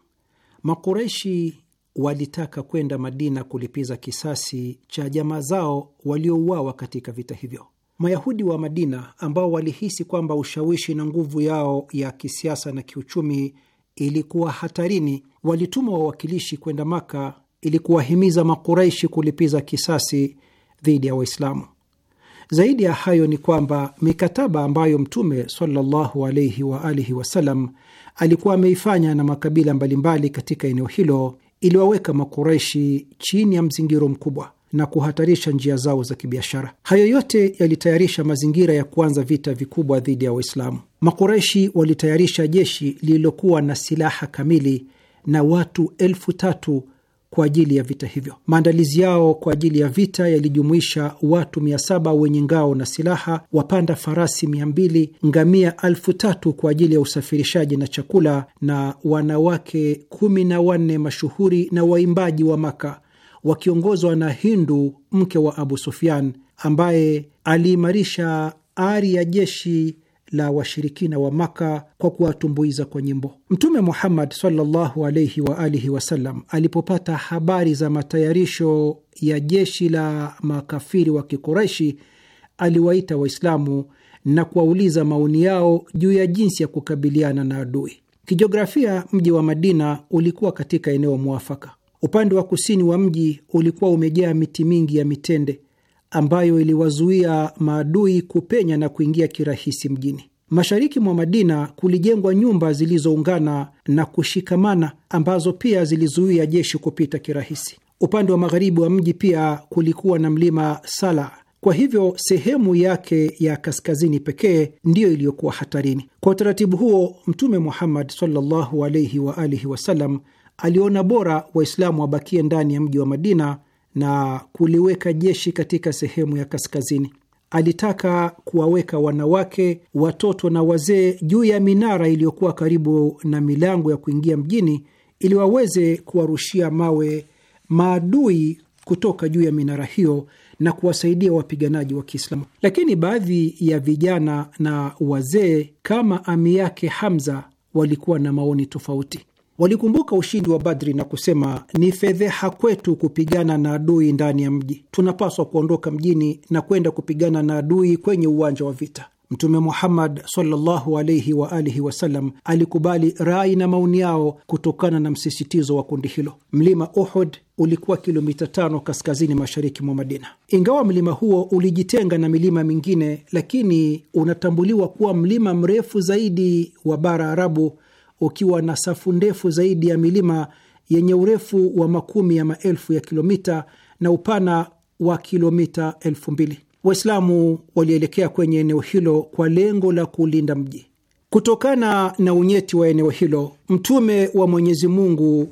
C: Makureshi walitaka kwenda Madina kulipiza kisasi cha jamaa zao waliouawa katika vita hivyo. Mayahudi wa Madina ambao walihisi kwamba ushawishi na nguvu yao ya kisiasa na kiuchumi ilikuwa hatarini, walituma wawakilishi kwenda Maka ili kuwahimiza Makuraishi kulipiza kisasi dhidi ya Waislamu. Zaidi ya hayo ni kwamba mikataba ambayo Mtume sallallahu alaihi wa alihi wasallam alikuwa ameifanya na makabila mbalimbali katika eneo hilo iliwaweka makuraishi chini ya mzingiro mkubwa na kuhatarisha njia zao za kibiashara. Hayo yote yalitayarisha mazingira ya kuanza vita vikubwa dhidi ya Waislamu. makuraishi walitayarisha jeshi lililokuwa na silaha kamili na watu elfu tatu kwa ajili ya vita hivyo. Maandalizi yao kwa ajili ya vita yalijumuisha watu mia saba wenye ngao na silaha, wapanda farasi mia mbili, ngamia elfu tatu kwa ajili ya usafirishaji na chakula, na wanawake kumi na wanne mashuhuri na waimbaji wa Maka wakiongozwa na Hindu mke wa Abu Sufyan ambaye aliimarisha ari ya jeshi la washirikina wa Maka kwa kuwatumbuiza kwa nyimbo. Mtume Muhammad sallallahu alaihi wa alihi wasallam alipopata habari za matayarisho ya jeshi la makafiri wa Kikureshi, aliwaita Waislamu na kuwauliza maoni yao juu ya jinsi ya kukabiliana na adui. Kijiografia, mji wa Madina ulikuwa katika eneo mwafaka. Upande wa kusini wa mji ulikuwa umejaa miti mingi ya mitende ambayo iliwazuia maadui kupenya na kuingia kirahisi mjini. Mashariki mwa Madina kulijengwa nyumba zilizoungana na kushikamana ambazo pia zilizuia jeshi kupita kirahisi. Upande wa magharibi wa mji pia kulikuwa na mlima Sala. Kwa hivyo sehemu yake ya kaskazini pekee ndiyo iliyokuwa hatarini. Kwa utaratibu huo, Mtume Muhammad sallallahu alaihi wa alihi wasallam aliona bora Waislamu wabakie ndani ya mji wa Madina na kuliweka jeshi katika sehemu ya kaskazini. Alitaka kuwaweka wanawake, watoto na wazee juu ya minara iliyokuwa karibu na milango ya kuingia mjini ili waweze kuwarushia mawe maadui kutoka juu ya minara hiyo na kuwasaidia wapiganaji wa Kiislamu. Lakini baadhi ya vijana na wazee kama ami yake Hamza walikuwa na maoni tofauti. Walikumbuka ushindi wa Badri na kusema, ni fedheha kwetu kupigana na adui ndani ya mji. Tunapaswa kuondoka mjini na kwenda kupigana na adui kwenye uwanja wa vita. Mtume Muhammad sallallahu alaihi wa alihi wasallam alikubali rai na maoni yao kutokana na msisitizo wa kundi hilo. Mlima Uhud ulikuwa kilomita tano kaskazini mashariki mwa Madina. Ingawa mlima huo ulijitenga na milima mingine, lakini unatambuliwa kuwa mlima mrefu zaidi wa bara Arabu ukiwa na safu ndefu zaidi ya milima yenye urefu wa makumi ya maelfu ya kilomita na upana wa kilomita elfu mbili. Waislamu walielekea kwenye eneo hilo kwa lengo la kulinda mji. Kutokana na unyeti wa eneo hilo, Mtume wa Mwenyezi Mungu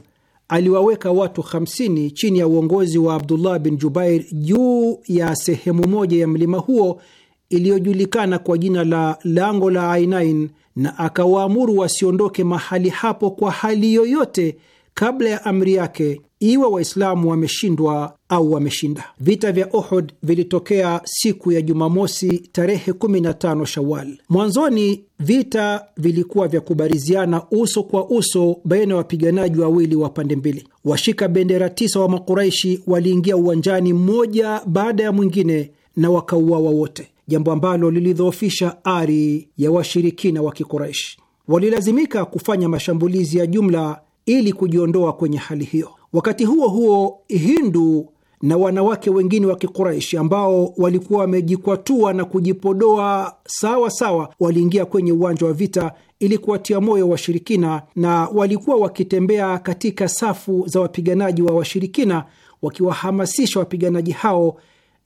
C: aliwaweka watu 50 chini ya uongozi wa Abdullah bin Jubair juu ya sehemu moja ya mlima huo iliyojulikana kwa jina la Lango la Ainain na akawaamuru wasiondoke mahali hapo kwa hali yoyote kabla ya amri yake, iwe Waislamu wameshindwa au wameshinda. Vita vya Ohod vilitokea siku ya Jumamosi tarehe 15 Shawal. Mwanzoni vita vilikuwa vya kubariziana uso kwa uso baina ya wapiganaji wawili wa pande mbili. Washika bendera tisa wa Makuraishi waliingia uwanjani mmoja baada ya mwingine na wakauawa wote jambo ambalo lilidhoofisha ari ya washirikina wa Kikureishi. Walilazimika kufanya mashambulizi ya jumla ili kujiondoa kwenye hali hiyo. Wakati huo huo, Hindu na wanawake wengine wa Kikureishi ambao walikuwa wamejikwatua na kujipodoa sawa sawa, waliingia kwenye uwanja wa vita ili kuwatia moyo washirikina, na walikuwa wakitembea katika safu za wapiganaji wa washirikina, wakiwahamasisha wapiganaji hao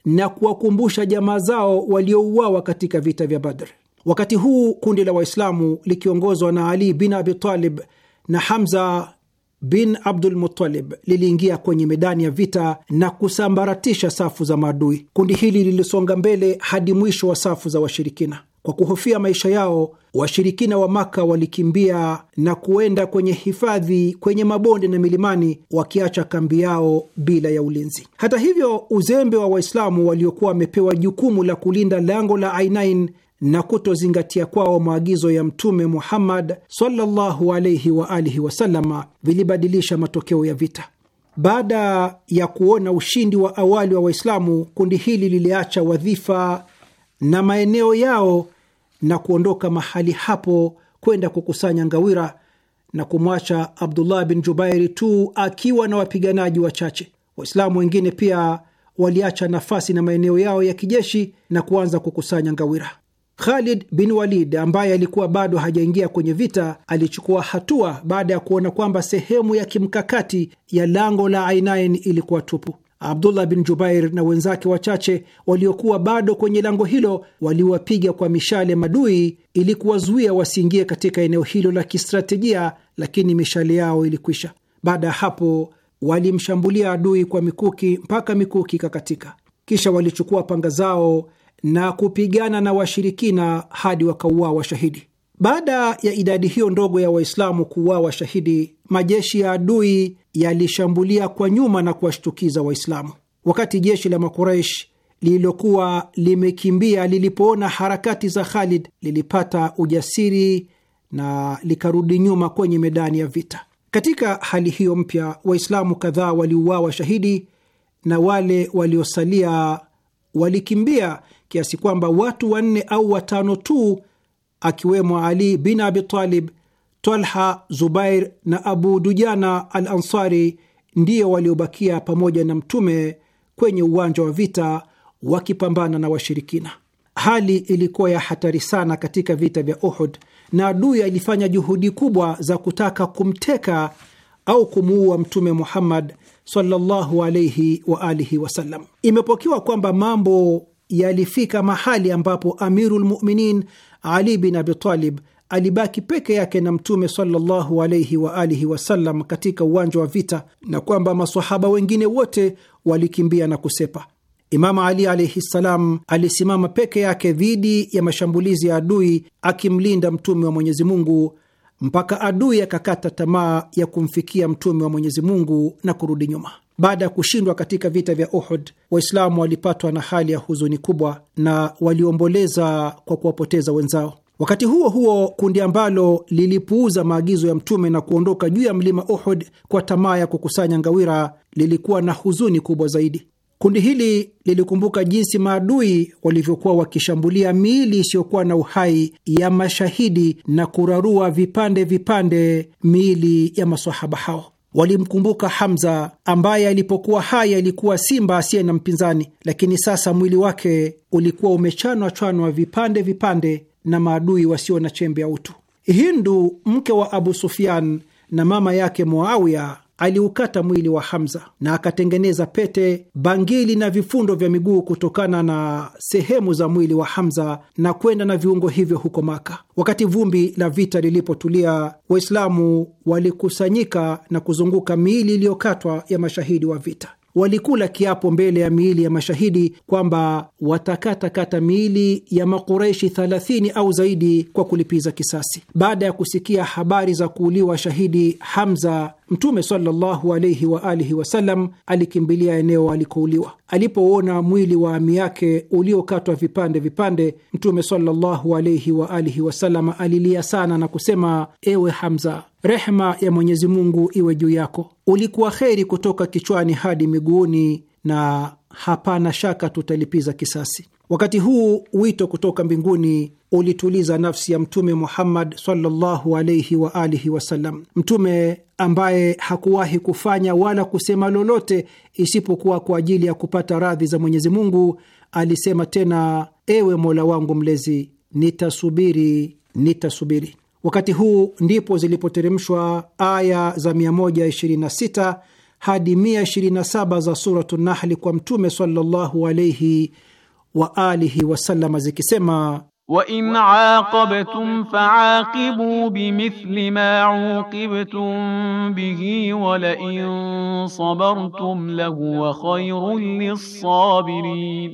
C: na kuwakumbusha jamaa zao waliouawa katika vita vya Badr. Wakati huu kundi la Waislamu likiongozwa na Ali bin Abi Talib na Hamza bin Abdul Muttalib liliingia kwenye medani ya vita na kusambaratisha safu za maadui. Kundi hili lilisonga mbele hadi mwisho wa safu za washirikina. Kwa kuhofia maisha yao, washirikina wa Maka walikimbia na kuenda kwenye hifadhi kwenye mabonde na milimani, wakiacha kambi yao bila ya ulinzi. Hata hivyo, uzembe wa Waislamu waliokuwa wamepewa jukumu la kulinda lango la Ainain na kutozingatia kwao maagizo ya Mtume Muhammad sallallahu wa alihi wasallam vilibadilisha matokeo ya vita. Baada ya kuona ushindi wa awali wa Waislamu, kundi hili liliacha wadhifa na maeneo yao na kuondoka mahali hapo kwenda kukusanya ngawira na kumwacha Abdullah bin Jubairi tu akiwa na wapiganaji wachache. Waislamu wengine pia waliacha nafasi na maeneo yao ya kijeshi na kuanza kukusanya ngawira. Khalid bin Walid ambaye alikuwa bado hajaingia kwenye vita alichukua hatua baada ya kuona kwamba sehemu ya kimkakati ya lango la Ainain ilikuwa tupu. Abdullah bin Jubair na wenzake wachache waliokuwa bado kwenye lango hilo waliwapiga kwa mishale madui ili kuwazuia wasiingie katika eneo hilo la kistratejia, lakini mishale yao ilikwisha. Baada ya hapo, walimshambulia adui kwa mikuki mpaka mikuki ikakatika. Kisha walichukua panga zao na kupigana na washirikina hadi wakauawa washahidi Baada ya idadi hiyo ndogo ya Waislamu kuuawa washahidi majeshi ya adui yalishambulia kwa nyuma na kuwashtukiza Waislamu. Wakati jeshi la makuraish lililokuwa limekimbia lilipoona harakati za Khalid, lilipata ujasiri na likarudi nyuma kwenye medani ya vita. Katika hali hiyo mpya, Waislamu kadhaa waliuawa shahidi na wale waliosalia walikimbia, kiasi kwamba watu wanne au watano tu akiwemo Ali bin Abi Talib Talha, Zubair na Abu Dujana al Ansari ndiyo waliobakia pamoja na Mtume kwenye uwanja wa vita wakipambana na washirikina. Hali ilikuwa ya hatari sana katika vita vya Uhud, na adui alifanya juhudi kubwa za kutaka kumteka au kumuua Mtume Muhammad sallallahu alaihi wa alihi wasallam. Imepokewa kwamba mambo yalifika mahali ambapo Amirul Muminin Ali bin Abi Talib alibaki peke yake na Mtume sallallahu alaihi wa alihi wasallam katika uwanja wa vita, na kwamba masahaba wengine wote walikimbia na kusepa. Imamu Ali alaihi ssalam alisimama peke yake dhidi ya mashambulizi ya adui, akimlinda Mtume wa Mwenyezi Mungu mpaka adui akakata tamaa ya kumfikia Mtume wa Mwenyezi Mungu na kurudi nyuma. Baada ya kushindwa katika vita vya Uhud, Waislamu walipatwa na hali ya huzuni kubwa na waliomboleza kwa kuwapoteza wenzao. Wakati huo huo, kundi ambalo lilipuuza maagizo ya Mtume na kuondoka juu ya mlima Uhud kwa tamaa ya kukusanya ngawira lilikuwa na huzuni kubwa zaidi. Kundi hili lilikumbuka jinsi maadui walivyokuwa wakishambulia miili isiyokuwa na uhai ya mashahidi na kurarua vipande vipande miili ya masahaba hao. Walimkumbuka Hamza ambaye alipokuwa hai alikuwa simba asiye na mpinzani, lakini sasa mwili wake ulikuwa umechanwa chanwa vipande vipande na maadui wasio na chembe ya utu. Hindu mke wa Abu Sufyan na mama yake Muawiya aliukata mwili wa Hamza na akatengeneza pete, bangili na vifundo vya miguu kutokana na sehemu za mwili wa Hamza na kwenda na viungo hivyo huko Maka. Wakati vumbi la vita lilipotulia, Waislamu walikusanyika na kuzunguka miili iliyokatwa ya mashahidi wa vita walikula kiapo mbele ya miili ya mashahidi kwamba watakatakata miili ya Makureshi 30 au zaidi kwa kulipiza kisasi. Baada ya kusikia habari za kuuliwa shahidi Hamza Mtume sallallahu alaihi wa alihi wasallam alikimbilia eneo alikouliwa. Alipouona mwili wa ami yake uliokatwa vipande vipande, Mtume sallallahu alaihi wa alihi wasallam alilia sana na kusema, ewe Hamza, rehma ya Mwenyezi Mungu iwe juu yako, ulikuwa kheri kutoka kichwani hadi miguuni, na hapana shaka tutalipiza kisasi. Wakati huu wito kutoka mbinguni ulituliza nafsi ya Mtume Muhammad sallallahu alaihi wa alihi wasallam, mtume ambaye hakuwahi kufanya wala kusema lolote isipokuwa kwa ajili ya kupata radhi za Mwenyezi Mungu. Alisema tena, ewe Mola wangu Mlezi, nitasubiri, nitasubiri. Wakati huu ndipo zilipoteremshwa aya za 126 hadi 127 za Suratu Nahli kwa Mtume sallallahu alaihi wa alihi wasallama zikisema
A: wa in aaqabtum faaqibu bimithli ma uqibtum bihi wa la in sabartum lahu wa khayrun
C: lis-sabirin,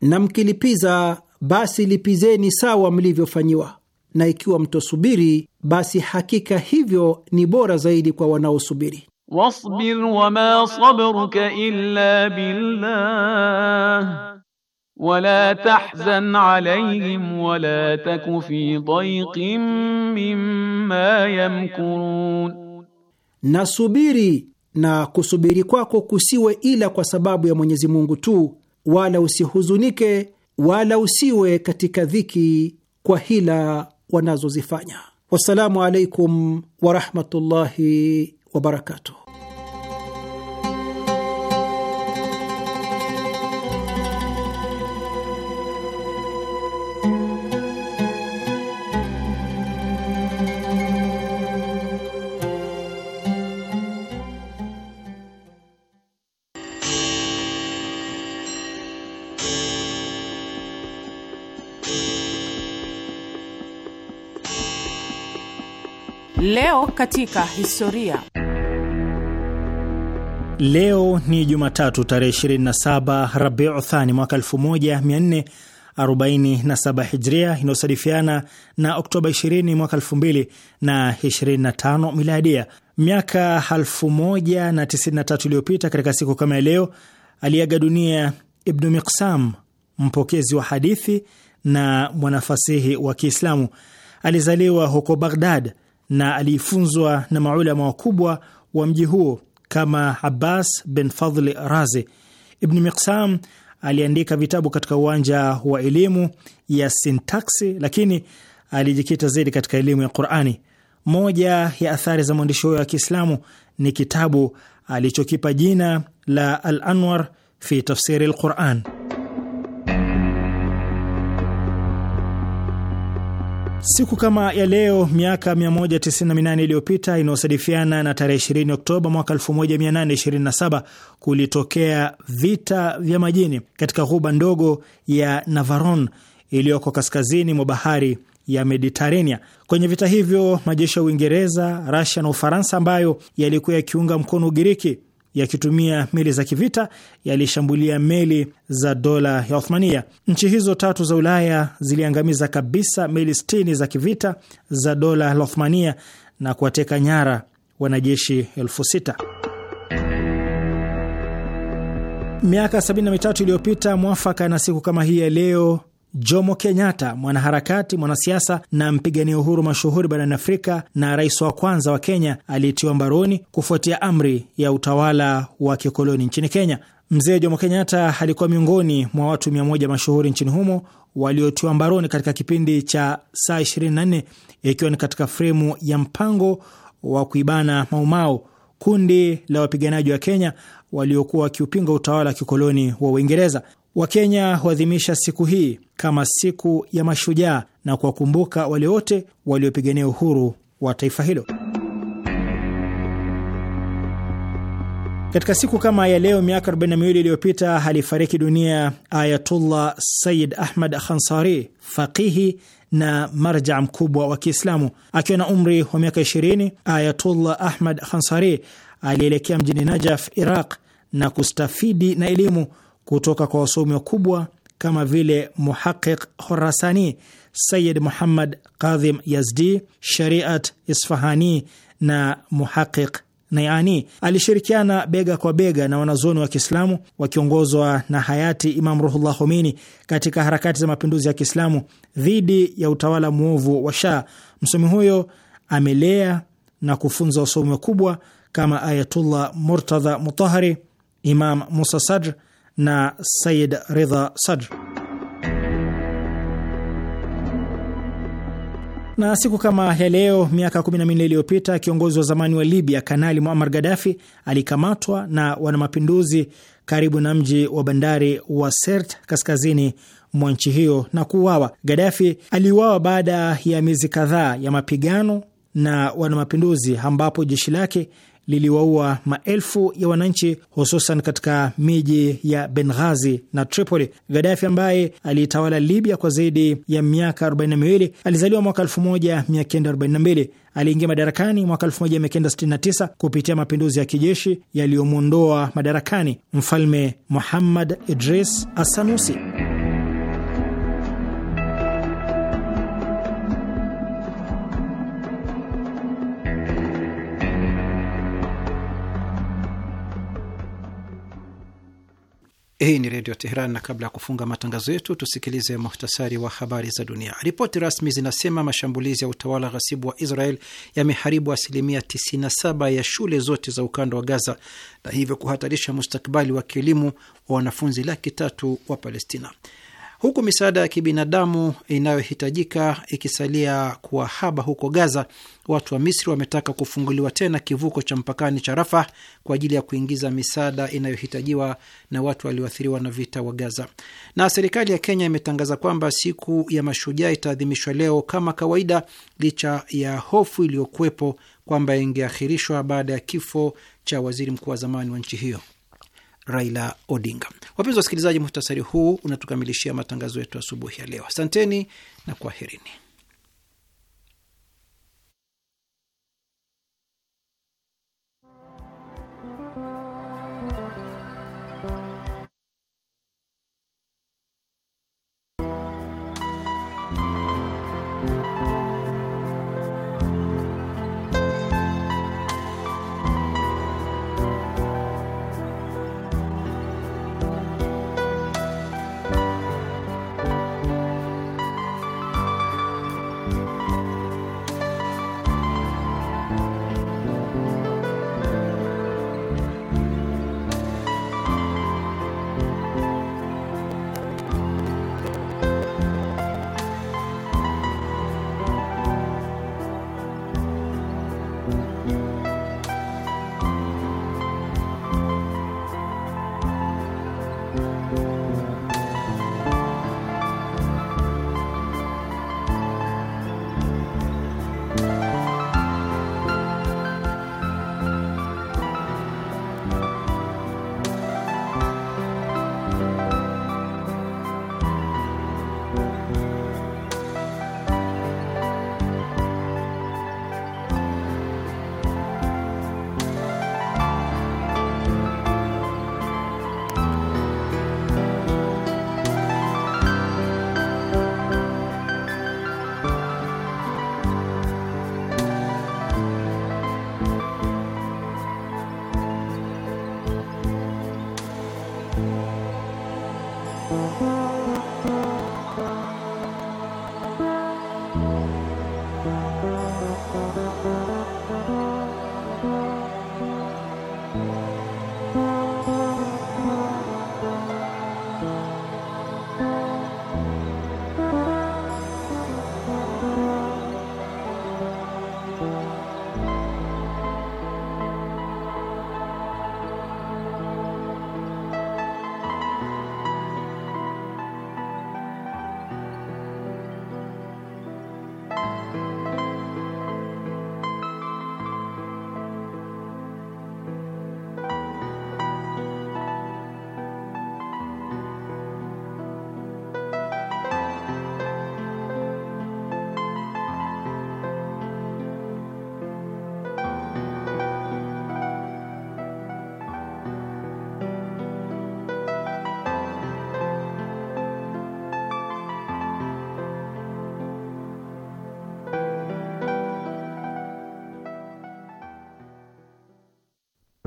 C: na mkilipiza basi lipizeni sawa mlivyofanyiwa, na ikiwa mtosubiri basi hakika hivyo ni bora zaidi kwa wanaosubiri.
A: Wasbir wama sabruka illa billah wala tahzan alayhim wala taku fi dhayqin mimma yamkurun,
C: na na kusubiri kwako kusiwe ila kwa sababu ya Mwenyezi Mungu tu, wala usihuzunike wala usiwe katika dhiki kwa hila wanazozifanya. Wassalamu alaikum warahmatullahi wabarakatuh.
A: Leo katika historia.
B: Leo ni Jumatatu tarehe 27 Rabiu Thani mwaka 1447 Hijria, inayosadifiana na Oktoba 20 mwaka 2025 Miladia. Miaka 1093 iliyopita katika siku kama ya leo aliaga dunia Ibnu miksam mpokezi wa hadithi na mwanafasihi wa Kiislamu. Alizaliwa huko Baghdad na aliifunzwa na maulama wakubwa wa mji huo kama Abbas bin fadl Razi. Ibn Miqsam aliandika vitabu katika uwanja wa elimu ya sintaksi, lakini alijikita zaidi katika elimu ya Qurani. Moja ya athari za mwandishi huyo wa Kiislamu ni kitabu alichokipa jina la Al Anwar fi tafsiri lquran. Siku kama ya leo miaka 198 iliyopita inayosadifiana na tarehe 20 Oktoba mwaka 1827 kulitokea vita vya majini katika ghuba ndogo ya Navaron iliyoko kaskazini mwa bahari ya Mediterania. Kwenye vita hivyo majeshi ya Uingereza, Rasia na Ufaransa ambayo yalikuwa yakiunga mkono Ugiriki yakitumia meli za kivita yalishambulia meli za dola ya Othmania. Nchi hizo tatu za Ulaya ziliangamiza kabisa meli sitini za kivita za dola la Othmania na kuwateka nyara wanajeshi elfu sita. Miaka 73 iliyopita mwafaka na siku kama hii ya leo Jomo Kenyatta, mwanaharakati, mwanasiasa na mpigania uhuru mashuhuri barani Afrika na rais wa kwanza wa Kenya aliyetiwa mbaroni kufuatia amri ya utawala wa kikoloni nchini Kenya. Mzee Jomo Kenyatta alikuwa miongoni mwa watu mia moja mashuhuri nchini humo waliotiwa mbaroni katika kipindi cha saa 24 ikiwa ni katika fremu ya mpango wa kuibana Maumau, kundi la wapiganaji wa Kenya waliokuwa wakiupinga utawala wa kikoloni wa Uingereza. Wakenya huadhimisha siku hii kama siku ya mashujaa na kuwakumbuka wale wote waliopigania uhuru wa taifa hilo. Katika siku kama ya leo miaka 42 iliyopita alifariki dunia Ayatullah sayid Ahmad Khansari, faqihi na marja mkubwa wa Kiislamu. Akiwa na umri wa miaka 20, Ayatullah Ahmad Khansari alielekea mjini Najaf, Iraq, na kustafidi na elimu kutoka kwa wasomi wakubwa kama vile Muhaqiq horasani Sayid Muhammad Kadhim Yazdi, Shariat Isfahani na Muhaqiq Nayani. Alishirikiana bega kwa bega na wanazuoni wa Kiislamu wakiongozwa na hayati Imam Ruhullah Khomeini katika harakati za mapinduzi ya Kiislamu dhidi ya utawala mwovu wa Shah. Msomi huyo amelea na kufunza wasomi wakubwa kama Ayatullah Murtadha Mutahari, Imam Musa Sadr na Said Ridha Sadr. Na siku kama ya leo miaka 14 iliyopita kiongozi wa zamani wa Libya Kanali Muammar Gaddafi alikamatwa na wanamapinduzi karibu na mji wa bandari wa Sirte kaskazini mwa nchi hiyo na kuuawa. Gaddafi aliuawa baada ya miezi kadhaa ya mapigano na wanamapinduzi ambapo jeshi lake liliwaua maelfu ya wananchi hususan katika miji ya Benghazi na Tripoli. Gadafi ambaye aliitawala Libya kwa zaidi ya miaka 42 alizaliwa mwaka 1942. Aliingia madarakani mwaka 1969 kupitia mapinduzi ya kijeshi yaliyomwondoa madarakani mfalme Muhammad Idris Asanusi.
C: Hii ni Redio Teheran, na kabla ya kufunga matangazo yetu tusikilize muhtasari wa habari za dunia. Ripoti rasmi zinasema mashambulizi ya utawala ghasibu wa Israel yameharibu asilimia 97 ya shule zote za ukanda wa Gaza na hivyo kuhatarisha mustakabali wa kielimu wa wanafunzi laki tatu wa Palestina, huku misaada ya kibinadamu inayohitajika ikisalia kuwa haba huko Gaza watu wa Misri wametaka kufunguliwa tena kivuko cha mpakani cha rafa kwa ajili ya kuingiza misaada inayohitajiwa na watu walioathiriwa na vita wa Gaza. Na serikali ya Kenya imetangaza kwamba siku ya Mashujaa itaadhimishwa leo kama kawaida, licha ya hofu iliyokuwepo kwamba ingeahirishwa baada ya kifo cha waziri mkuu wa zamani wa nchi hiyo Raila Odinga. Wapenzi wasikilizaji, muhtasari huu unatukamilishia matangazo yetu asubuhi ya leo. Asanteni na kwaherini.